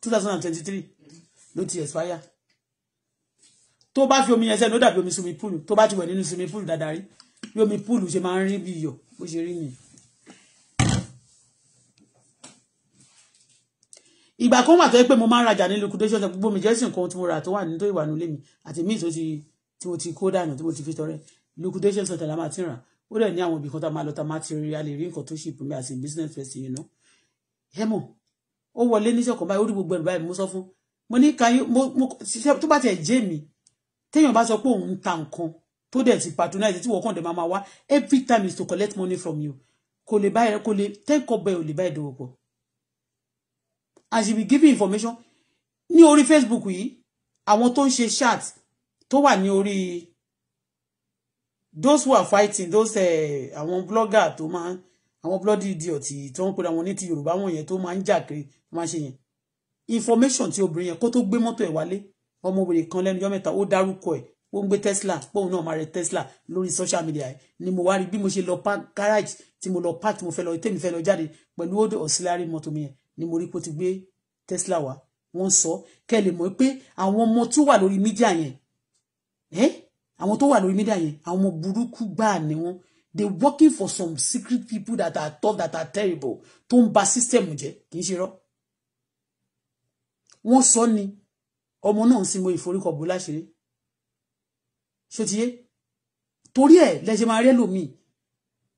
S1: two thousand and twenty-three ló ti expire tó bá fi omi yẹn sẹ́nu ó dàbí omi swimming pool tó bá ti wẹ̀ nínú swimming pool dáadáa rí bí omi pool ṣe máa ń rí bí iyọ̀ bó ṣe rí nìyẹn. ìgbà kan wà tó yẹ pé mo máa ń rajà ní liquidation gbogbo mi jẹ́ sìn kan tí mo rà tó wà ní tó ìwà nílé mi àti míì tó ti tí mo ti kó dànù tí mo ti fi tọrẹ liquidation center la máa ti rà ó dẹ̀ ní àwọn ibì kan tá a máa lọ tá a máa ti rí a lè rí nǹkan tó ṣì pín mi as a business person you know. ẹ mọ̀ ó wọlé níṣọ kan báyìí ó rí gbogbo ẹrù báyìí mo sọ fún mo ní kan mo tó bá tiẹ̀ jẹ́ mi téèyàn bá sọ pé òun ń ta nǹkan tó dẹ̀ ti patronize tí wọ́n kàn dé máa wá every time is to collect money from you kò lè báyìí kò lè tẹ́kọ̀ bẹ́ẹ̀ ò lè báyìí dòwò pọ̀ and she be giving information ní orí Facebook yìí àwọn tó ń ṣe chat tó wà ní orí those who are fighting those eh, àwọn blogger tó máa ń àwọn bloody idiot tó ń pera wọn ní ti yorùbá wọn yẹn tó máa ń jà kiri tó máa ń ṣe yẹn information tí obìnrin yẹn kó tó gbé mọ́tò ẹ̀ wálé ọmọbìnrin kan lẹ́nu ọjọ́ mẹ́ta ó dárúkọ ẹ̀ ó ń gbé tesla póun náà máa rẹ tesla lórí social media ẹ̀ ni mo wá rí bí mo ṣe lọ park garage tí mo lọ park tí mo fẹ́ lọ tèmi fẹ́ lọ jáde pẹ̀lú old auxiliary mọ́tò mi yẹn ni mo rí pé ó ti gbé tesla wá wọ́n sọ kẹ́ ẹ lè mọ̀ pé àwọn ọmọ tó wà lórí media yẹn àwọn tó wà lórí mídíà yẹn àwọn ọmọ burúkú gbáà ni wọ́n they working for some secret people that are tough that are terrible tó ń ba system jẹ́ kì í ṣe rọ wọ́n sọ ni ọmọ náà ń sin mo ìforúkọbù láṣìírí ṣé ti yé torí ẹ̀ lẹṣẹ máa rẹ lómi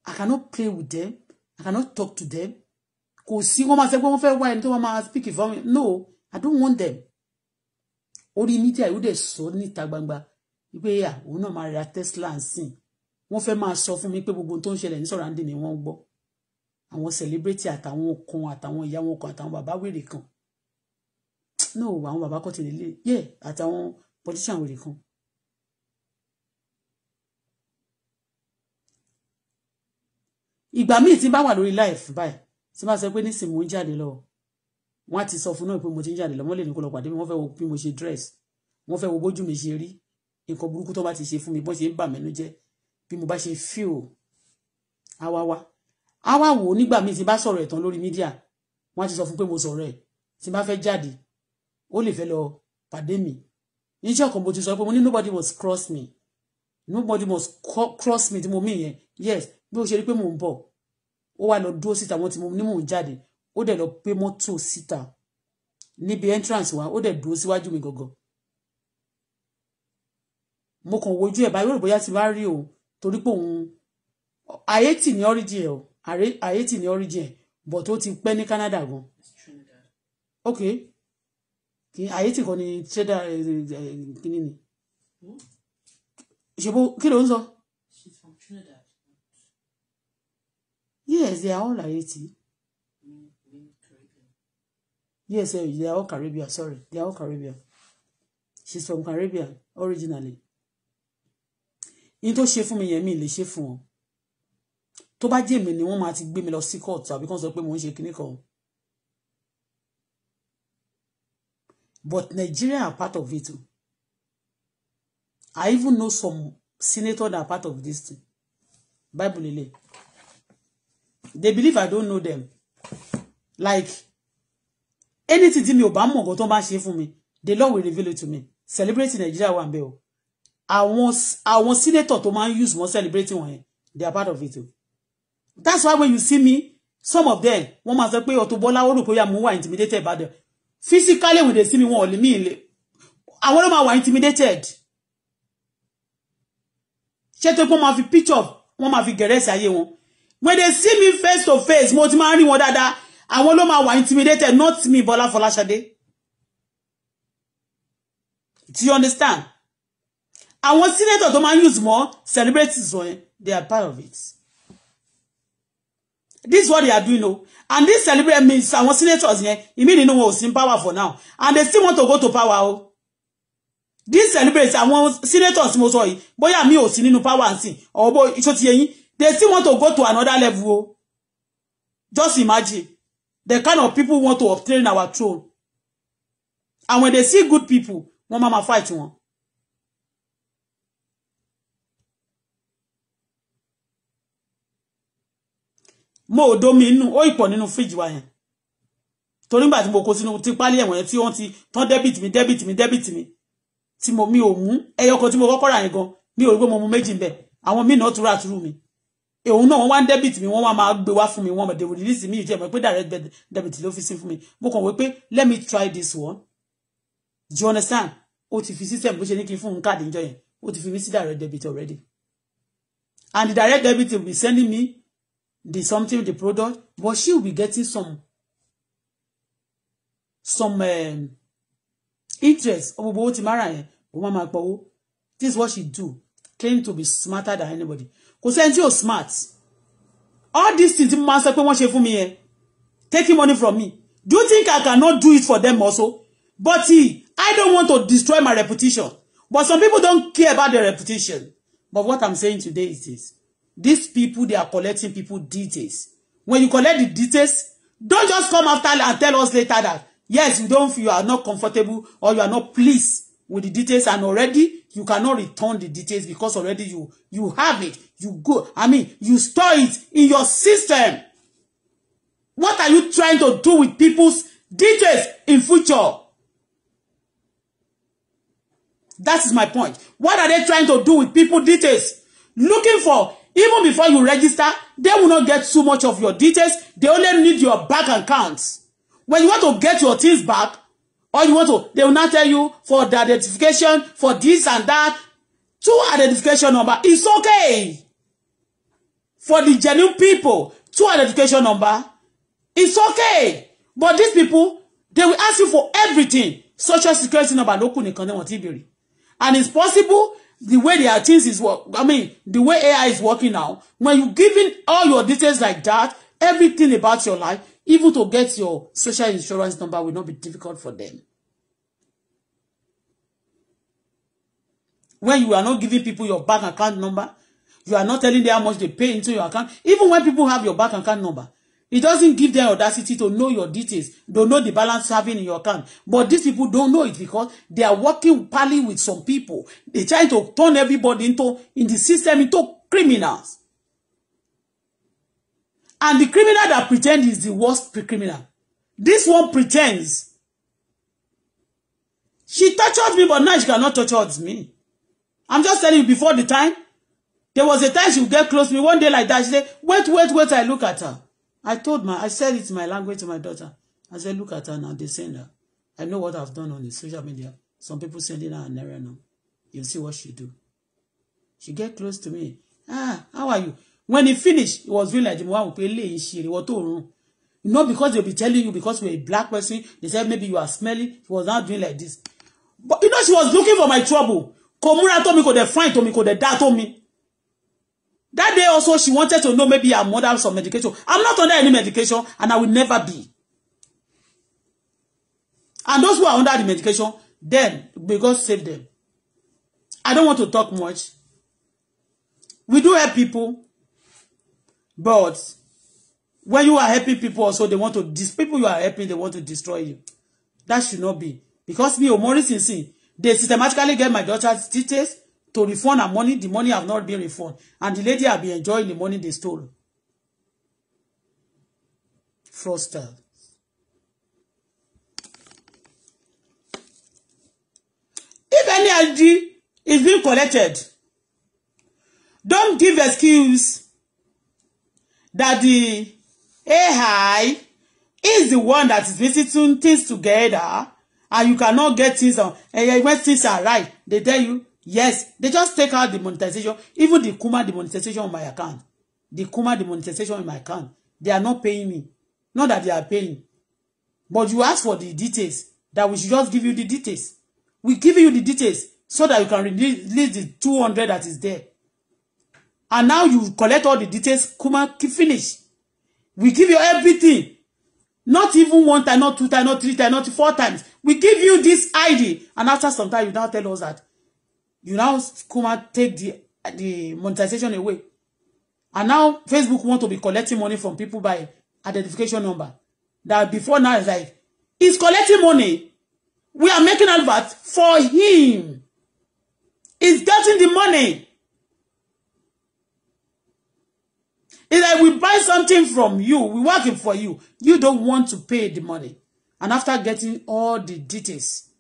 S1: i cannot play with them i cannot talk to them kò sí wọ́n máa ṣe pé wọ́n fẹ́ wá ẹni tó máa speak for me no i don't want them orí mídíà yóò dẹ̀ sọ níta gbangba wípé òun náà máa ra tesla ń sìn wọ́n fẹ́ máa sọ fún mi pé gbogbo tó ń ṣẹlẹ̀ ní sọ̀ràǹdì ni wọ́n ń gbọ́ àwọn celebrity àtàwọn kan àtàwọn ìyá wọn kan àtàwọn bàbá wèrè kan no àwọn bàbá kan ti nílé yẹ àtàwọn politician wèrè kan. ìgbà míì tí bá wà lórí life báyìí tí bá sọ pé nísìn mò ń jáde lọ wọn á ti sọ fún náà pé mo ti ń jáde lọ wọn lè ní kó lọ pàdé mi wọn fẹ́ wo bí mo ṣe dress wọn fẹ́ wo bójú mi ṣe rí nǹkan burúkú tó bá ti ṣe fún mi bọ́n ṣe ń bà mí nú bí mo bá ṣe feel àwa wa àwa wò ó nígbà míì tí bá sọ̀rọ̀ ẹ̀tàn lórí mídíà wọ́n á ti sọ fún pé mo sọ̀rọ̀ ẹ̀ tí bá fẹ́ jáde ó lè fẹ́ lọ pàdé mi níṣẹ́ ọ̀kan mo ti sọ pé mo ní nobody must cross me nobody must cross me tí mo mí yẹn yes bí ó ṣe rí pé mò ń bọ̀ ó wá lọ dúró síta wọn tí mo ní mò ń jáde ó dẹ̀ lọ pé mọ́tò síta níbi entrance wa ó dẹ̀ dúró síwájú mi gangan mo kàn wojú ẹ̀ báyìí ó rò bóyá ti bá rí òun torí pé òun àyètì ní origin ẹ̀ o àyètì ní origin ẹ̀ but ó ti pẹ́ ní Canada gan ok kì àyètì kan ní trader eh, eh, kìíní ni ṣèbó kí ló ń sọ. she's from Trinidad. yes they are all àyètì. yes eh, they are all Caribbean sorry they are all Caribbean she's from Caribbean originally yín tó ṣe fún mi yẹn mi lè ṣe fún ọ tó bá jẹ́ mi ni wọ́n máa ti gbé mi lọ sí court àbí kàn sọ pé mò ń ṣe kinní kan but Nigeria are part of it I even know some senator that are part of this thing Bible lele they believe I don't know them like anything tí mi ò bá mọ̀ nǹkan tó ń bá ṣe fún mi the Lord will reveal it to me celebrate Nigeria wà ń bẹ́ẹ̀ o àwọn àwọn senator tó máa ń use wọn celebrating wọn yẹn they are part of it o that's why when you see me some of them wọ́n máa sọ pé Auto Bola ó rò pé yà mú wà intimidated bá dẹ̀ physically when they see me wọn ò lè mí ilé àwọn ló máa wà intimidated ṣé tó pé wọ́n máa fi picture wọ́n máa fi gẹ̀rẹ́sì ayé wọn when they see me face to face mo ti máa ń rí wọn dáadáa àwọn ló máa wà intimidated not me Bọ́lá Fọláṣadé do you understand àwọn senator tó máa ń use mọ́ celebrities wọn they are part of it this is what they are doing o and this celebrity means àwọn senators yẹn ìmí nínú wọn ò sí power for now and they still want to go to power o this celebrity àwọn senators mo sọ yìí bóyá mi ò sí nínú power and sin ọ̀bọ iṣó ti yẹyìn they still want to go to another level o just imagine the kind of people want to obtain our throne and when they see good people wọ́n máa ma fight wọn. mo ò domi inú o ìpọ̀ nínú fíríjì wa yẹn torí nígbà tí mo kó sínú ti pálí ẹ̀wọ̀n yẹn tí wọ́n ti tán dẹ́bìtì mi dẹ́bìtì mi dẹ́bìtì mi tí mo mi ò mú ẹyọ kan tí mo kọ́kọ́ rà gan mi ò rí pé mo mu méjì nbẹ àwọn míì náà tún rà túrú mi òun náà wọ́n wá ń dẹ́bìtì mi wọ́n wá máa gbé wá fún mi wọ́n mọ̀dé rìlíìsì mi ìjẹ́ mọ̀ pé direct debit ló fi sí fún mi mo kàn wí pé let me try this one do you understand O ti fi system bó ṣe ní kí n fún un káàdì ìjọ ti fi mí sí direct debit already and the direct debit will be sending me the something the product but she will be getting some some um, interest gbogbo owó ti mara yẹn òun máa ma pọ this is what she do claim to be smarter than anybody kò sẹ́ni tí ò smart all these things tí mo máa ń sọ pé mi yẹn taking money from me do you think I cannot do it for them also but see, I don't want to destroy my reputation but some people don't care about their reputation but what I'm saying today is this These people, they are collecting people details. When you collect the details, don't just come after and tell us later that, yes, you don't you are not comfortable or you are not pleased with the details and already you cannot return the details because already you you have it. You go, I mean, you store it in your system. What are you trying to do with people's details in future? That is my point. What are they trying to do with people details? Looking for Even before you register, they will not get too much of your details. They only need your bank account. When you want to get your things back, or you want to, they will not tell you for the identification, for this and that. Two identification number. It's okay. For the genuine people, two identification number. It's okay. But these people, they will ask you for everything. Social security number ló kù nìkan ni And it's possible the way their things is work I mean the way AI is working now when you giving all your details like that everything about your life even to get your social insurance number will not be difficult for them. When you are not giving people your bank account number you are not telling them how much they pay into your account even when people have your bank account number It doesn't give them audacity to know your details, to know the balance having in your account. But these people don't know it because they are working partly with some people. They're trying to turn everybody into, in the system, into criminals. And the criminal that pretends is the worst criminal. This one pretends. She tortured me, but now she cannot torture me. I'm just telling you, before the time, there was a time she would get close to me. One day like that, she said, wait, wait, wait, I look at her. I told my, I said it in my language to my daughter. I said, look at her now, they send her. I know what I've done on the social media. Some people sending her an error now. You see what she do. She get close to me. Ah, how are you? When he finished, he was really like, "Mo pe le nshiri wo to run." Not because they'll be telling you because we're a black person. They said maybe you are smelly. She was not doing like this. But you know, she was looking for my trouble. Komura told me, mi, kò dẹ̀ fine tó mi, kò dẹ̀ dá tó That day also, she wanted to know maybe I'm under some medication. I'm not under any medication, and I will never be. And those who are under the medication, then may God save them. I don't want to talk much. We do help people, but when you are helping people also, they want to, these people you are helping, they want to destroy you. That should not be. Because me, Omori oh, Sinsin, they systematically get my daughter's teachers to refund her money. The money have not been refund, And the lady have been enjoying the money they stole. Fraudsters. If any ID is being collected, don't give excuse that the AI is the one that is visiting things together and you cannot get things on. And eh, eh, when things are right, they tell you Yes, they just take out the monetization, even the Kuma monetization on my account. The Kuma monetization in my account. They are not paying me. Not that they are paying. But you ask for the details, that we should just give you the details. We give you the details so that you can release the 200 that is there. And now you collect all the details, Kuma finish. We give you everything. Not even one time, not two times, not three times, not four times. We give you this ID. And after some time, you now tell us that you now come take the the monetization away and now Facebook want to be collecting money from people by identification number that before now is like he's collecting money we are making adverts for him he's getting the money it's like we buy something from you we working for you you don't want to pay the money and after getting all the details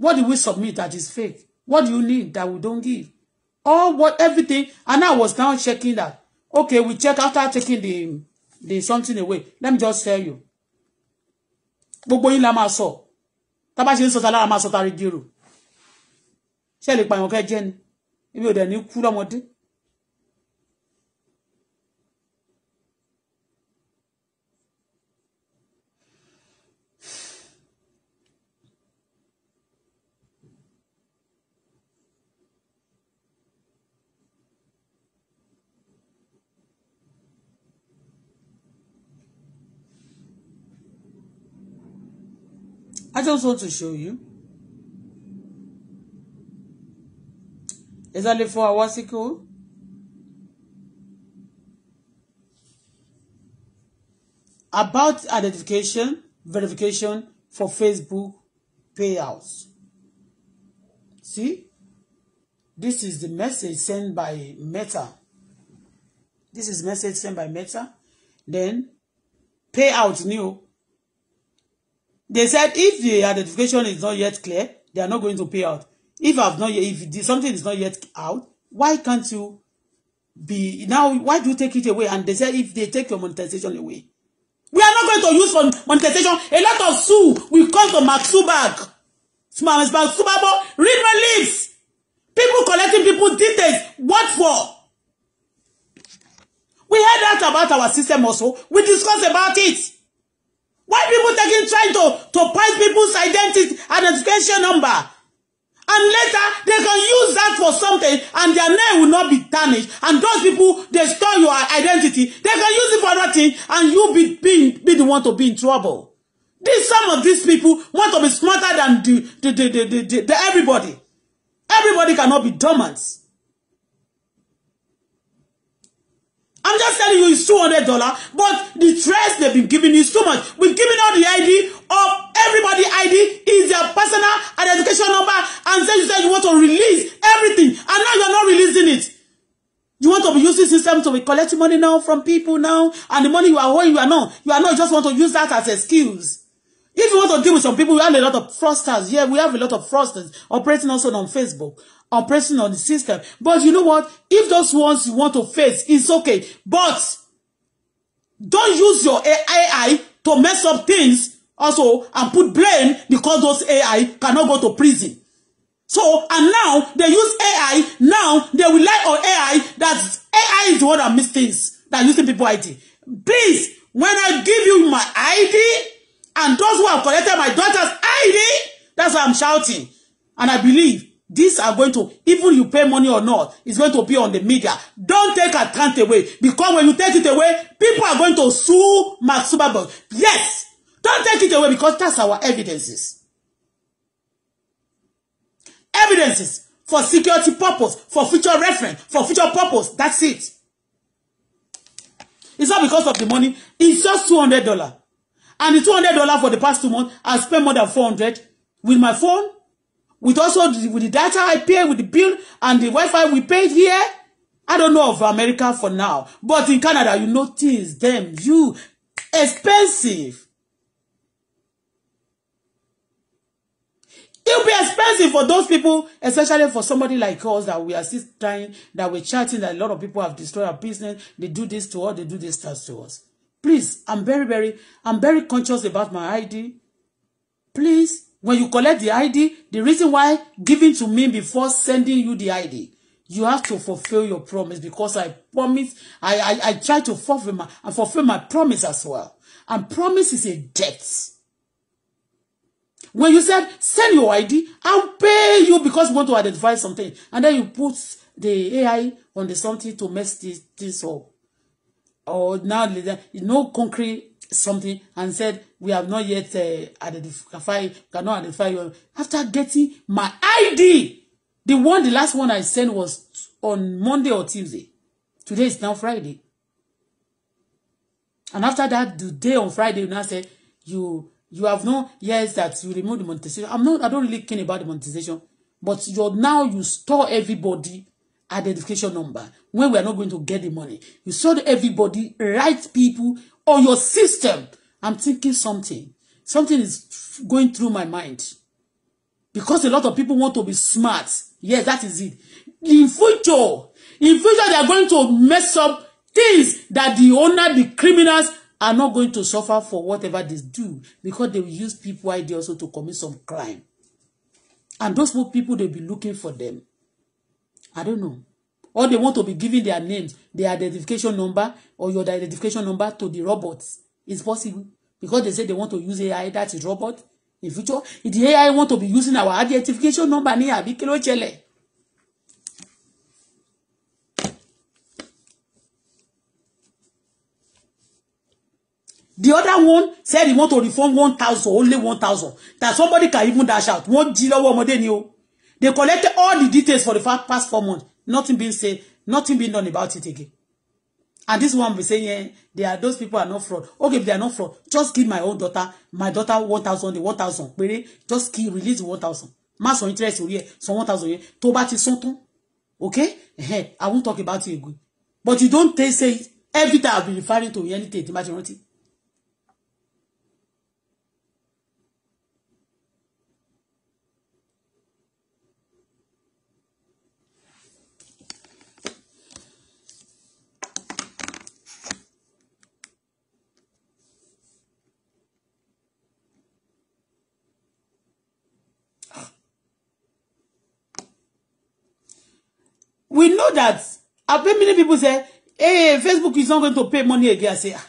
S1: What do we submit that is fake? What do you need that we don't give? All what everything. And I was now checking that. Okay, we check after taking the the something away. Let me just tell you. Gbogbo yín la máa sọ. Tá bá ṣe ń sọ ta lára máa sọ tari dìrò. Ṣé lè pààyàn kẹ́ ni? Ibi ò dẹ̀ ní kú lọ́mọdé. just want to show you. Exactly four hours ago. About identification, verification for Facebook payouts. See? This is the message sent by Meta. This is message sent by Meta. Then payout new They said if the identification is not yet clear, they are not going to pay out. If I've not yet, if something is not yet out, why can't you be now? Why do you take it away? And they said if they take your monetization away, we are not going to use for monetization. A lot of sue we come to Mark Zuckerberg. Smart Zuckerberg, read my lips. People collecting people's details. What for? We heard that about our system also. We discussed about it. Why people taking trying to to price people's identity and identification number? And later they can use that for something and their name will not be tarnished. And those people they store your identity, they can use it for other thing and you be be, be the one to be in trouble. These some of these people want to be smarter than the, the, the, the, the, the everybody. Everybody cannot be dormant. I'm just telling you it's two hundred dollar, but the stress they've been giving is too much. We've given out the ID of everybody ID is their personal identification number, and then you said you want to release everything, and now you're not releasing it. You want to be using system to be collecting money now from people now, and the money you are holding, you are not. You are not just want to use that as excuse. If you want to deal with some people, we have a lot of frosters. Yeah, we have a lot of frosters operating also on Facebook, operating on the system. But you know what? If those ones you want to face, it's okay. But don't use your AI to mess up things also and put blame because those AI cannot go to prison. So, and now they use AI, now they rely on AI, that AI is the one that misses things, that using people ID. Please, when I give you my ID, and those who have collected my daughter's ID. That's why I'm shouting. And I believe these are going to, even you pay money or not, it's going to be on the media. Don't take a tant away. Because when you take it away, people are going to sue Max Zuckerberg. Yes! Don't take it away because that's our evidences. Evidences for security purpose, for future reference, for future purpose. That's it. It's not because of the money. It's just $200. And the two hundred dollar for the past two months, I spent more than four hundred with my phone, with also the, with the data I pay, with the bill, and the Wi-Fi we paid here. I don't know of America for now. But in Canada, you notice them, you, expensive. It'll be expensive for those people, especially for somebody like us that we are still trying, that we're chatting, that a lot of people have destroyed our business. They do this to us, they do this to us. Please, I'm very, very, I'm very conscious about my ID. Please, when you collect the ID, the reason why giving to me before sending you the ID, you have to fulfill your promise because I promise, I, I, I try to fulfill my, and fulfill my promise as well. And promise is a debt. When you said, send your ID, I'll pay you because you want to identify something. And then you put the AI on the something to mess this, this up or now no concrete something and said we have not yet uh, identified cannot identify you after getting my id the one the last one i sent was on monday or tuesday today is now friday and after that the day on friday you now say you you have no yes that you remove the monetization i'm not i don't really care about the monetization but you're now you store everybody identification number when we are not going to get the money. You sold everybody, right people on your system. I'm thinking something. Something is going through my mind. Because a lot of people want to be smart. Yes, that is it. In future, in future, they are going to mess up things that the owner, the criminals, are not going to suffer for whatever they do because they will use people idea also to commit some crime. And those people, they'll be looking for them. I don't know. Or they want to be giving their names, their identification number, or your identification number to the robots. It's possible. Because they say they want to use AI, that is robot. In future, if the AI want to be using our identification number, ní àbí kilo ló The other one said he want to reform thousand, only one thousand. That somebody can even dash out. One jí lọ́wọ́ ọmọdé ni o. They collected all the details for the past four months. Nothing being said, nothing being done about it again. And this one be saying, yeah, they are those people are not fraud. Okay, if they are not fraud, just give my own daughter, my daughter 1,000, the 1,000. Péré, just kill, release 1,000. Má on interest orí ẹ̀, some 1,000 yẹn. Tó bá ti sọ tán. Okay? I won't talk about it again. But you don't say Every time I've been referring to anything, tí n We know that. I've heard many people say, hey, Facebook is not going to pay money again. I say, ah.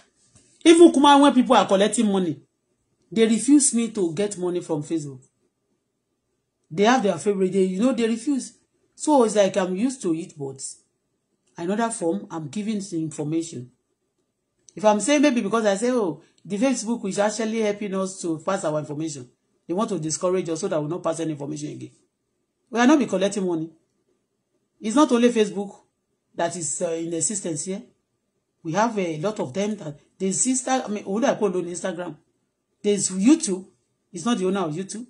S1: Even Kuma, when people are collecting money, they refuse me to get money from Facebook. They have their favorite day, you know, they refuse. So it's like I'm used to it, but another form, I'm giving information. If I'm saying maybe because I say, oh, the Facebook is actually helping us to pass our information. They want to discourage us so that we not pass any information again. We are not be collecting money. It's not only Facebook that is uh, in existence here. We have a lot of them that there's Insta, I mean, who do I call on Instagram? There's YouTube. It's not the owner of YouTube.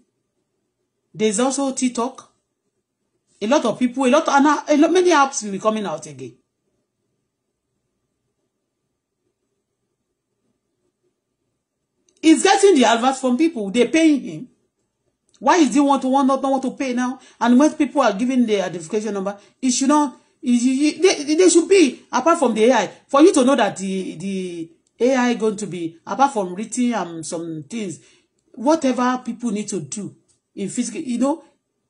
S1: There's also TikTok. A lot of people, a lot, and uh, a lot, many apps will be coming out again. He's getting the advice from people. They're paying him. Why is it want to want not, want to pay now? And when people are giving their identification number, it should not. It, it, they, they should be apart from the AI for you to know that the the AI going to be apart from writing and um, some things, whatever people need to do in physical, you know,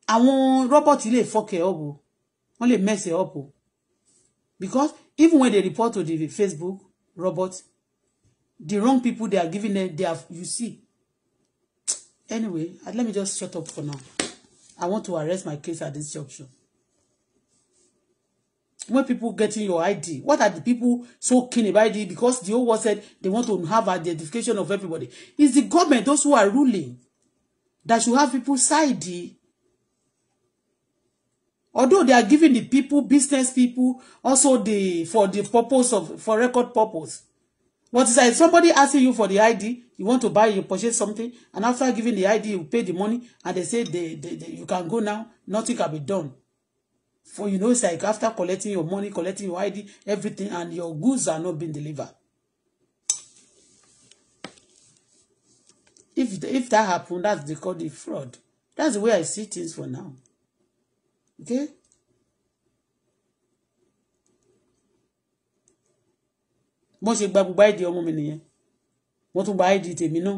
S1: I want robot lè fuck it up only mess it up because even when they report to the Facebook robot, the wrong people they are giving them, they have you see anyway uh, let me just shut up for now i want to arrest my case at this junction when people getting your id what are the people so keen about id because the whole world said they want to have identification of everybody Is the government those who are ruling that should have people side although they are giving the people business people also the for the purpose of for record purpose What is that? Somebody asking you for the ID, you want to buy, you purchase something, and after giving the ID, you pay the money, and they say they, they, they, you can go now, nothing can be done. For you know, it's like after collecting your money, collecting your ID, everything, and your goods are not being delivered. If if that happened, that's they call it fraud. That's the way I see things for now. Okay? bọ́n ṣe gba gbogbo àìdí ọmọ mi nìyẹn wọ́n tún gba àìdí tèmi náà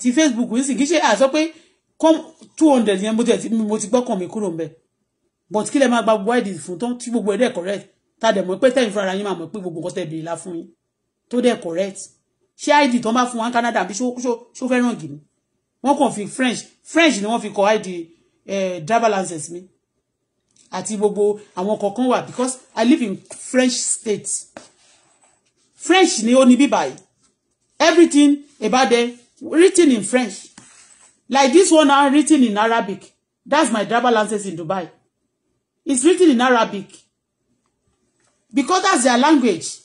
S1: ti Facebook ń sì kí ṣe àsọ pé two hundred yẹn mo ti gbọ́kàn mi kúrò ńbẹ̀ but kí lẹ máa gba gbogbo àìdí fún tán tí gbogbo ẹ̀ dẹ̀ correct tá a dẹ̀ mọ̀ pé tẹ̀yìn fúnra yín máa mọ̀ pé gbogbo nǹkan tẹ̀ la fún yín tó dẹ̀ correct ṣé id tán bá fún wa Canada bí ṣó fẹ́ràn gìní wọ́n kàn fi French French ni wọ́n fi kọ id driver license mi àti gbogbo àwọn kọ̀ọ̀kan wà because I live in French state French ni ó ní bíbá everything about them written in French like this one now written in Arabic that's my driver license in Dubai it's written in Arabic because that's their language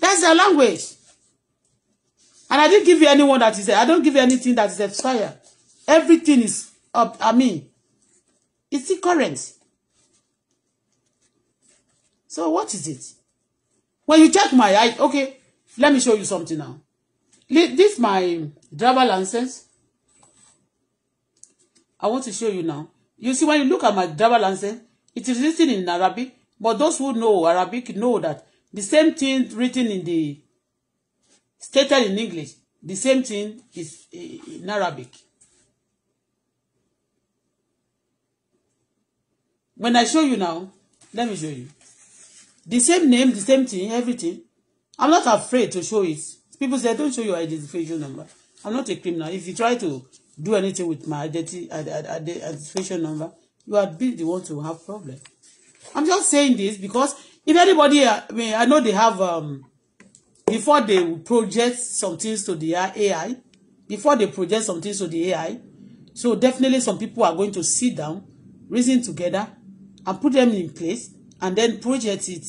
S1: that's their language and I didn't give you anyone that is I don't give you anything that is expired everything is up I mean It's still current. So what is it? When you check my I okay, let me show you something now. This my driver license. I want to show you now. You see, when you look at my driver license, it is written in Arabic, but those who know Arabic know that the same thing written in the stated in English, the same thing is in Arabic. when I show you now let me show you the same name the same thing everything I'm not afraid to show it people say don't show your identification number I'm not a criminal if you try to do anything with my identity identification number you are be the one to have problem I'm just saying this because if anybody I mean I know they have um before they project some things to the AI before they project some things to the AI so definitely some people are going to sit down reason together and put them in place and then project it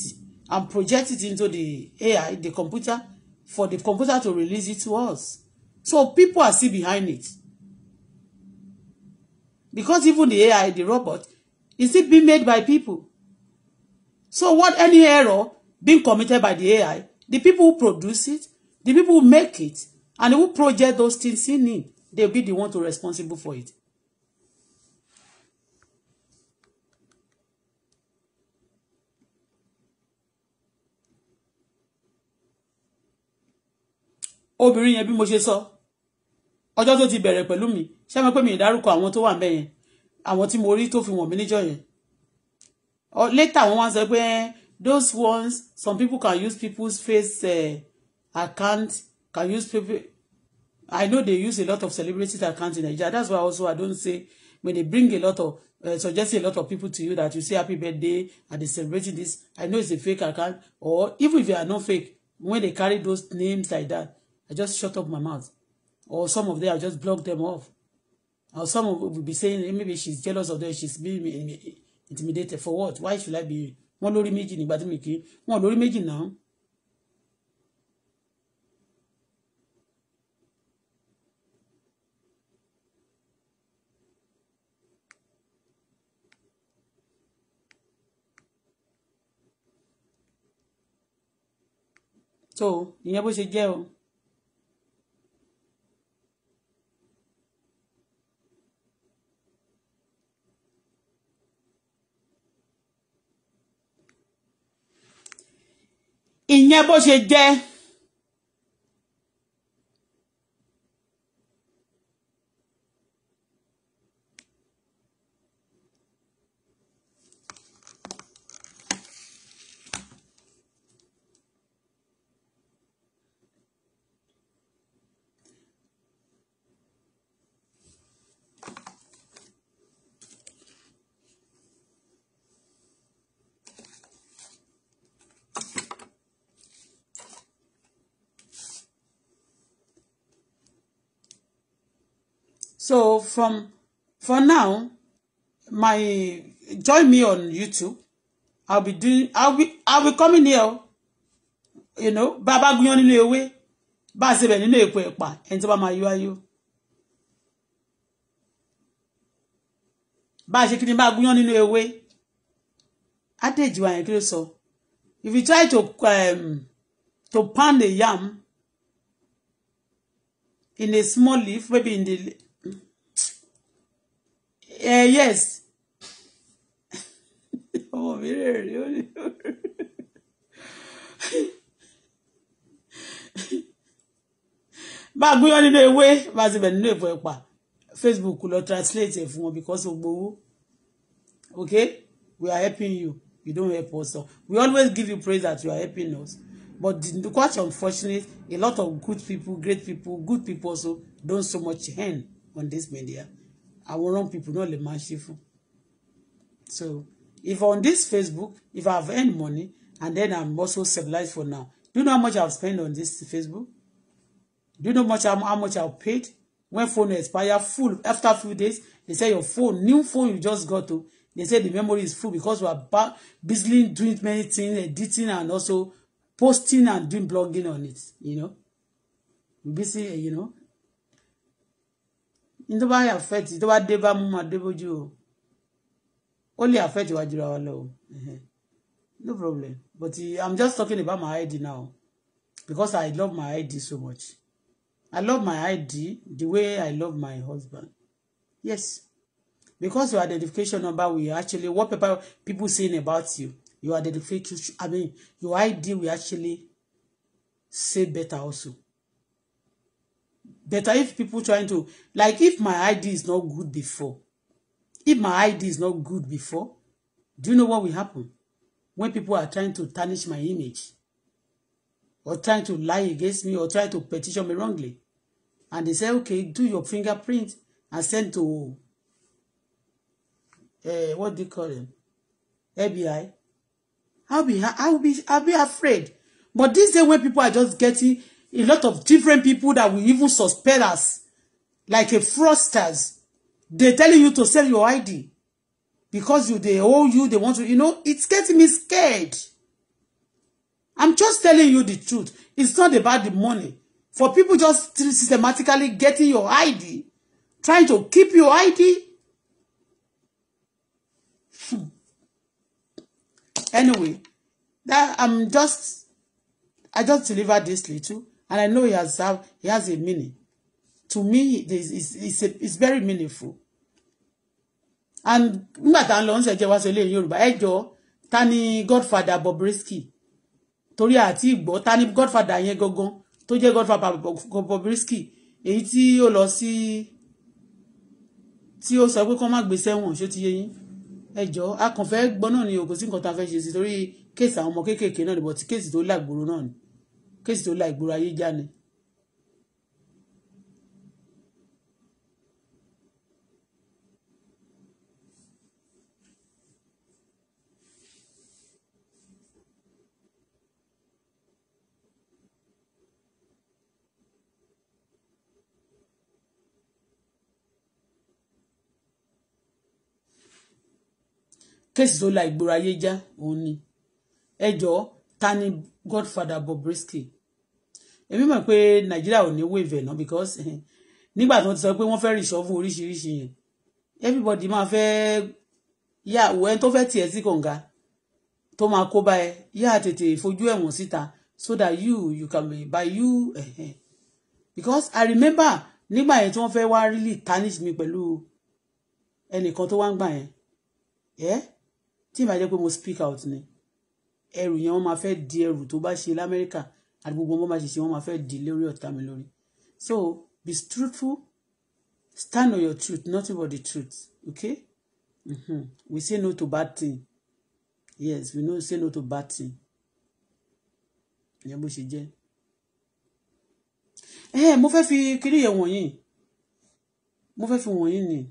S1: and project it into the AI, the computer, for the computer to release it to us. So people are still behind it. Because even the AI, the robot, is still being made by people. So what any error being committed by the AI, the people who produce it, the people who make it, and who project those things in it, they'll be the one to responsible for it. obìnrin yẹn bí mo ṣe sọ ọjọ́ tó ti bẹ̀rẹ̀ pẹ̀lú mi ṣé mo pé mi ìdárúkọ àwọn tó wà ń bẹ̀ yẹn àwọn tí mo rí tó fi wọ̀n mí níjọ́ yẹn later wọ́n wá sọ pé those ones some people can use people's face uh, account can use people I know they use a lot of celebrities account in Nigeria that's why also I don't say when they bring a lot of uh, suggest a lot of people to you that you say happy birthday and they celebrating this I know it's a fake account or even if they are not fake when they carry those names like that I just shut up my mouth. Or some of them, I just block them off. Or some of will be saying, hey, eh, maybe she's jealous of them, she's being intimidated. For what? Why should I be? Wọ́n lórí méjì nígbà tí mi kì í. Wọ́n lórí méjì náà. So you bó ṣe jẹ́ o. yẹn bó ṣe jẹ́ So from for now, my join me on YouTube. I'll be doing. I'll be. I'll be coming here. You know, Baba gúnyán nínú ewé, bá a ṣe bẹ̀ nínú èpo ẹ̀pà, ẹni tó bá máa yọ ayọ̀. Bá a ṣe kí ni If you try to um, to pound the yam in a small leaf, maybe in the eh, yes [laughs] ọmọ mi rẹ̀ rí ó ní bá a gbé wọn nínú ewé bá a ti bẹ̀ nínú èpo ẹ̀pà Facebook lọ translate ẹ̀ fún wọn because o gbowó okay we are helping you you don't help us so we always give you praise that you are helping us but the quite unfortunate a lot of good people great people good people also don't so much hand on this media àwọn wrong people náà lè máa ṣe fún so if on this Facebook if I have earned money and then I'm also stabilized for now do you know how much I have spent on this Facebook do you know much how much I have paid when phone expire full after few days they say your phone new phone you just got to they say the memory is full because we are back busily doing many things editing and also posting and doing blogging on it you know busy you know ní tó bá affect tó bá dé bá mú máa dé bójú o ó lè affect wájú ra wa lọ o no problem but i'm just talking about my id now because i love my id so much i love my id the way i love my husband yes because your identification number will actually what people people saying about you your identification i mean your id will actually say better also better if people trying to like if my ID is not good before if my ID is not good before do you know what will happen when people are trying to tarnish my image or trying to lie against me or try to petition me wrongly and they say okay do your fingerprint and send to uh, what do you call them FBI I'll be I'll be I'll be afraid but this day when people are just getting a lot of different people that we even suspect us, like a fraudsters they telling you to sell your id because you they owe you they want to you know it's getting me scared i'm just telling you the truth it's not about the money for people just systematically getting your id trying to keep your id hmm. anyway that i'm just i just deliver this little and I know he has have, he has a meaning. To me, it is it's, a, it's very meaningful. And nígbà tá à ń lọ ń ṣẹjẹ wá sọ eléyìí Yorùbá Godfather Bobrisky torí àti ìgbọ́ ta ni Godfather yẹn gangan tó Godfather Bobrisky èyí tí ó lọ sí tí ó sọ pé kó má gbé sẹ́wọ̀n ṣó ti yé yín ni o kò sí nǹkan tá a fẹ́ ṣe sí torí kéèsì àwọn ọmọ kéékèèké náà ni kéèsì tó la ìgboro ayé já ni. kéèsì tó la ìgboro ayé já òun ni ẹ jọ̀ọ́ ta ni godfather Bobrisky èmi mọ̀ pé nàìjíríà ò ní wave ẹ̀ náà because eh, nígbà tí wọ́n ti sọ pé wọ́n fẹ́ reshuffle oríṣiríṣi yẹn everybody máa fẹ́ yá òun tó fẹ́ tiẹ̀ sí kànga tó máa kó bá ẹ yá tètè fojú ẹ̀wọ̀n síta so that you you can be by you eh, eh. because I remember nígbà yẹn tí wọ́n fẹ́ wá really tarnish mi pẹ̀lú ẹnìkan tó wá ń gbà yẹn ẹ eh, tí ìbàjẹ́ pé mo speak out ni ẹrù yẹn wọ́n máa fẹ́ di ẹrù tó bá ṣe lamẹ́ríkà àti gbogbo wọn bá ṣe ṣe wọn máa fẹ́ di lórí ọ̀tá mi lórí so be truthful stand on your truth nothing but the truth okay mm-hmm. we say no to bad thing yes we no say no to bad thing ìyẹn bó ṣe jẹ́ ẹ eh, mo fẹ́ fi kiri yẹn wọ̀nyí mo fẹ́ fi wọ̀nyí nìyí.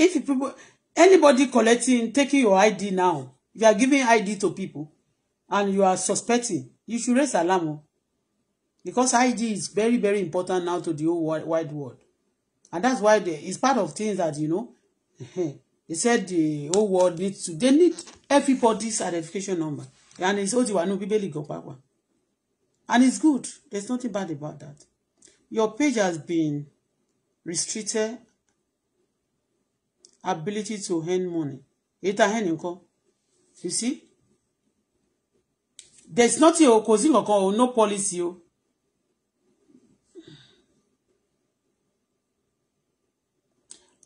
S1: If people, anybody collecting, taking your ID now, you are giving ID to people and you are suspecting, you should raise alarm. Because ID is very, very important now to the whole wide world. And that's why they, it's part of things that, you know, [laughs] they said the whole world needs to, they need everybody's identification number. And it's ó one. wà nínú Bíbélì gan pàápàá. And it's good. There's nothing bad about that. Your page has been restricted ability to earn money èyí tá a earn nǹkan you see there is nothing o kò sí nǹkankan o no policy o.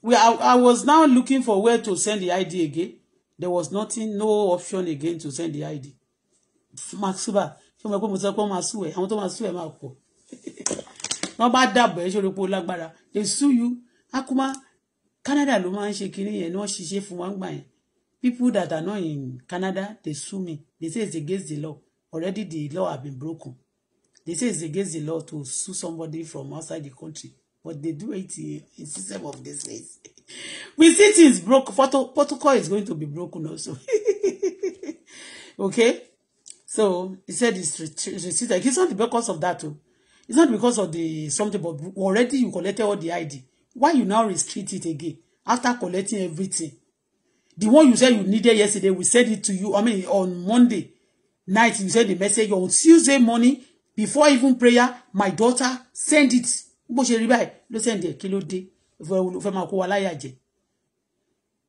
S1: We, I, I was now looking for where to send the ID again. There was nothing, no option again to send the ID. Maxuba, ṣé mo pé mo sọ pé wọ́n máa sú ẹ̀, àwọn tó máa sú ẹ̀ máa pọ̀. [laughs] Wọ́n bá dàbọ̀ ẹ̀ ṣòro pé ó lágbára. They sue you. Akuma, Canada ló máa ń ṣe kinní yẹn ni wọ́n ṣiṣẹ́ fún wa ń gbà yẹn people that are not in Canada they sue me they say it's against the law already the law have been broken they say it's against the law to sue somebody from outside the country but they do it in system of this place [laughs] we see things broke photo protocol is going to be broken also [laughs] okay so he said it's restricted it's not because of that o oh. it's not because of the something but already you collected all the ID why you now restrict it again after collecting everything the one you said you needed yesterday we send it to you i mean on monday night you send the message on tuesday morning before even prayer my daughter send it bó ṣe rí báyìí ló send it, kí ló dé ó fẹ́ máa kó wa láyà jẹ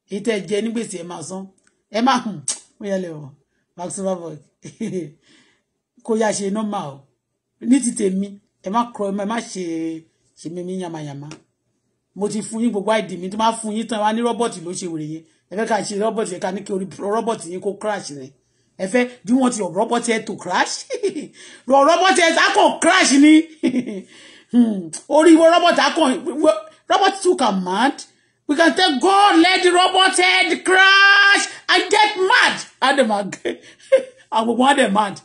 S1: èyí tẹ́ jẹ nígbèsè ẹ máa san ẹ máa hùn hmm, ó yẹ lẹ́wọ̀n maxima boy [laughs] kó yá ṣe normal o ní ti tèmi ẹ má kọ ẹ má ṣe ṣe mímí yamayama mo ti fún yín gbogbo àìdì mi tó máa fún yín tán wá ní rọ́bọ̀tì ló ṣe wèrè yẹn ẹ fẹ́ ká ṣe rọ́bọ̀tì yẹn ká ní kí orí rọ́bọ̀tì yẹn kó crash rẹ̀ ẹ fẹ́ do you want your robot head to crash [laughs] your robot head á kàn crash ni [laughs] hmm, orí wo robot á kàn robot too can mad we can tell God let the robot head crash and get mad adamag [laughs] agbogbo mad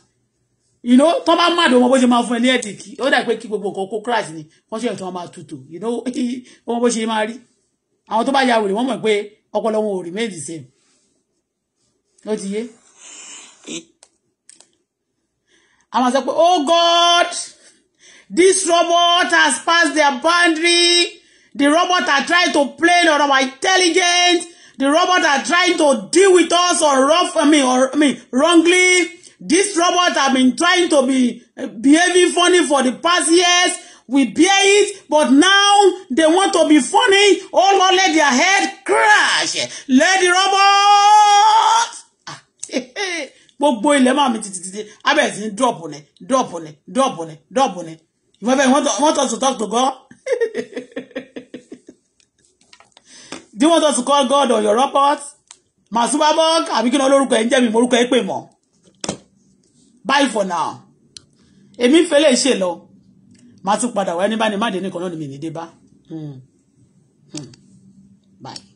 S1: you know tó bá má dùn wọn bó ṣe máa fún ẹ ní ẹtìkì ó dà pé kí gbogbo nǹkan kó crash ni wọn ṣe ìtàn máa tutù you know wọn [laughs] bó ṣe máa rí àwọn tó bá ya wèrè wọn mọ̀ pé ọpọlọ wọn ò remain the same ó ti yé àwọn sọ pé oh God this robot has passed their boundary the robot are trying to play on our intelligence the robot are trying to deal with us on rough I mean, or, I mean wrongly. This robot have been trying to be eh, behaving funny for the past years. We bear it, but now they want to be funny. All Oh Lord, let their head crash. Let the robot. Ah, [laughs] gbogbo ilẹ̀ máa mi titititi, abẹ́ sí dọ́ọ̀pù ni, dọ́ọ̀pù ni, dọ́ọ̀pù ni, dọ́ọ̀pù ni. Ìwọ́n fẹ́ want us to talk to God? [laughs] Do you want us to call God on your robot? Màsúbábọ́ àbí kí ni olórúkọ ẹ̀ ń jẹ́ mi, mo orúkọ ẹ̀ pè mọ́ bye for now èmi ń fẹ́lẹ́ ṣe lo. màá tún padà wá ẹni bá ní má dé nìkan náà ni mi ní Hmm. bá hmm. hmm. bye.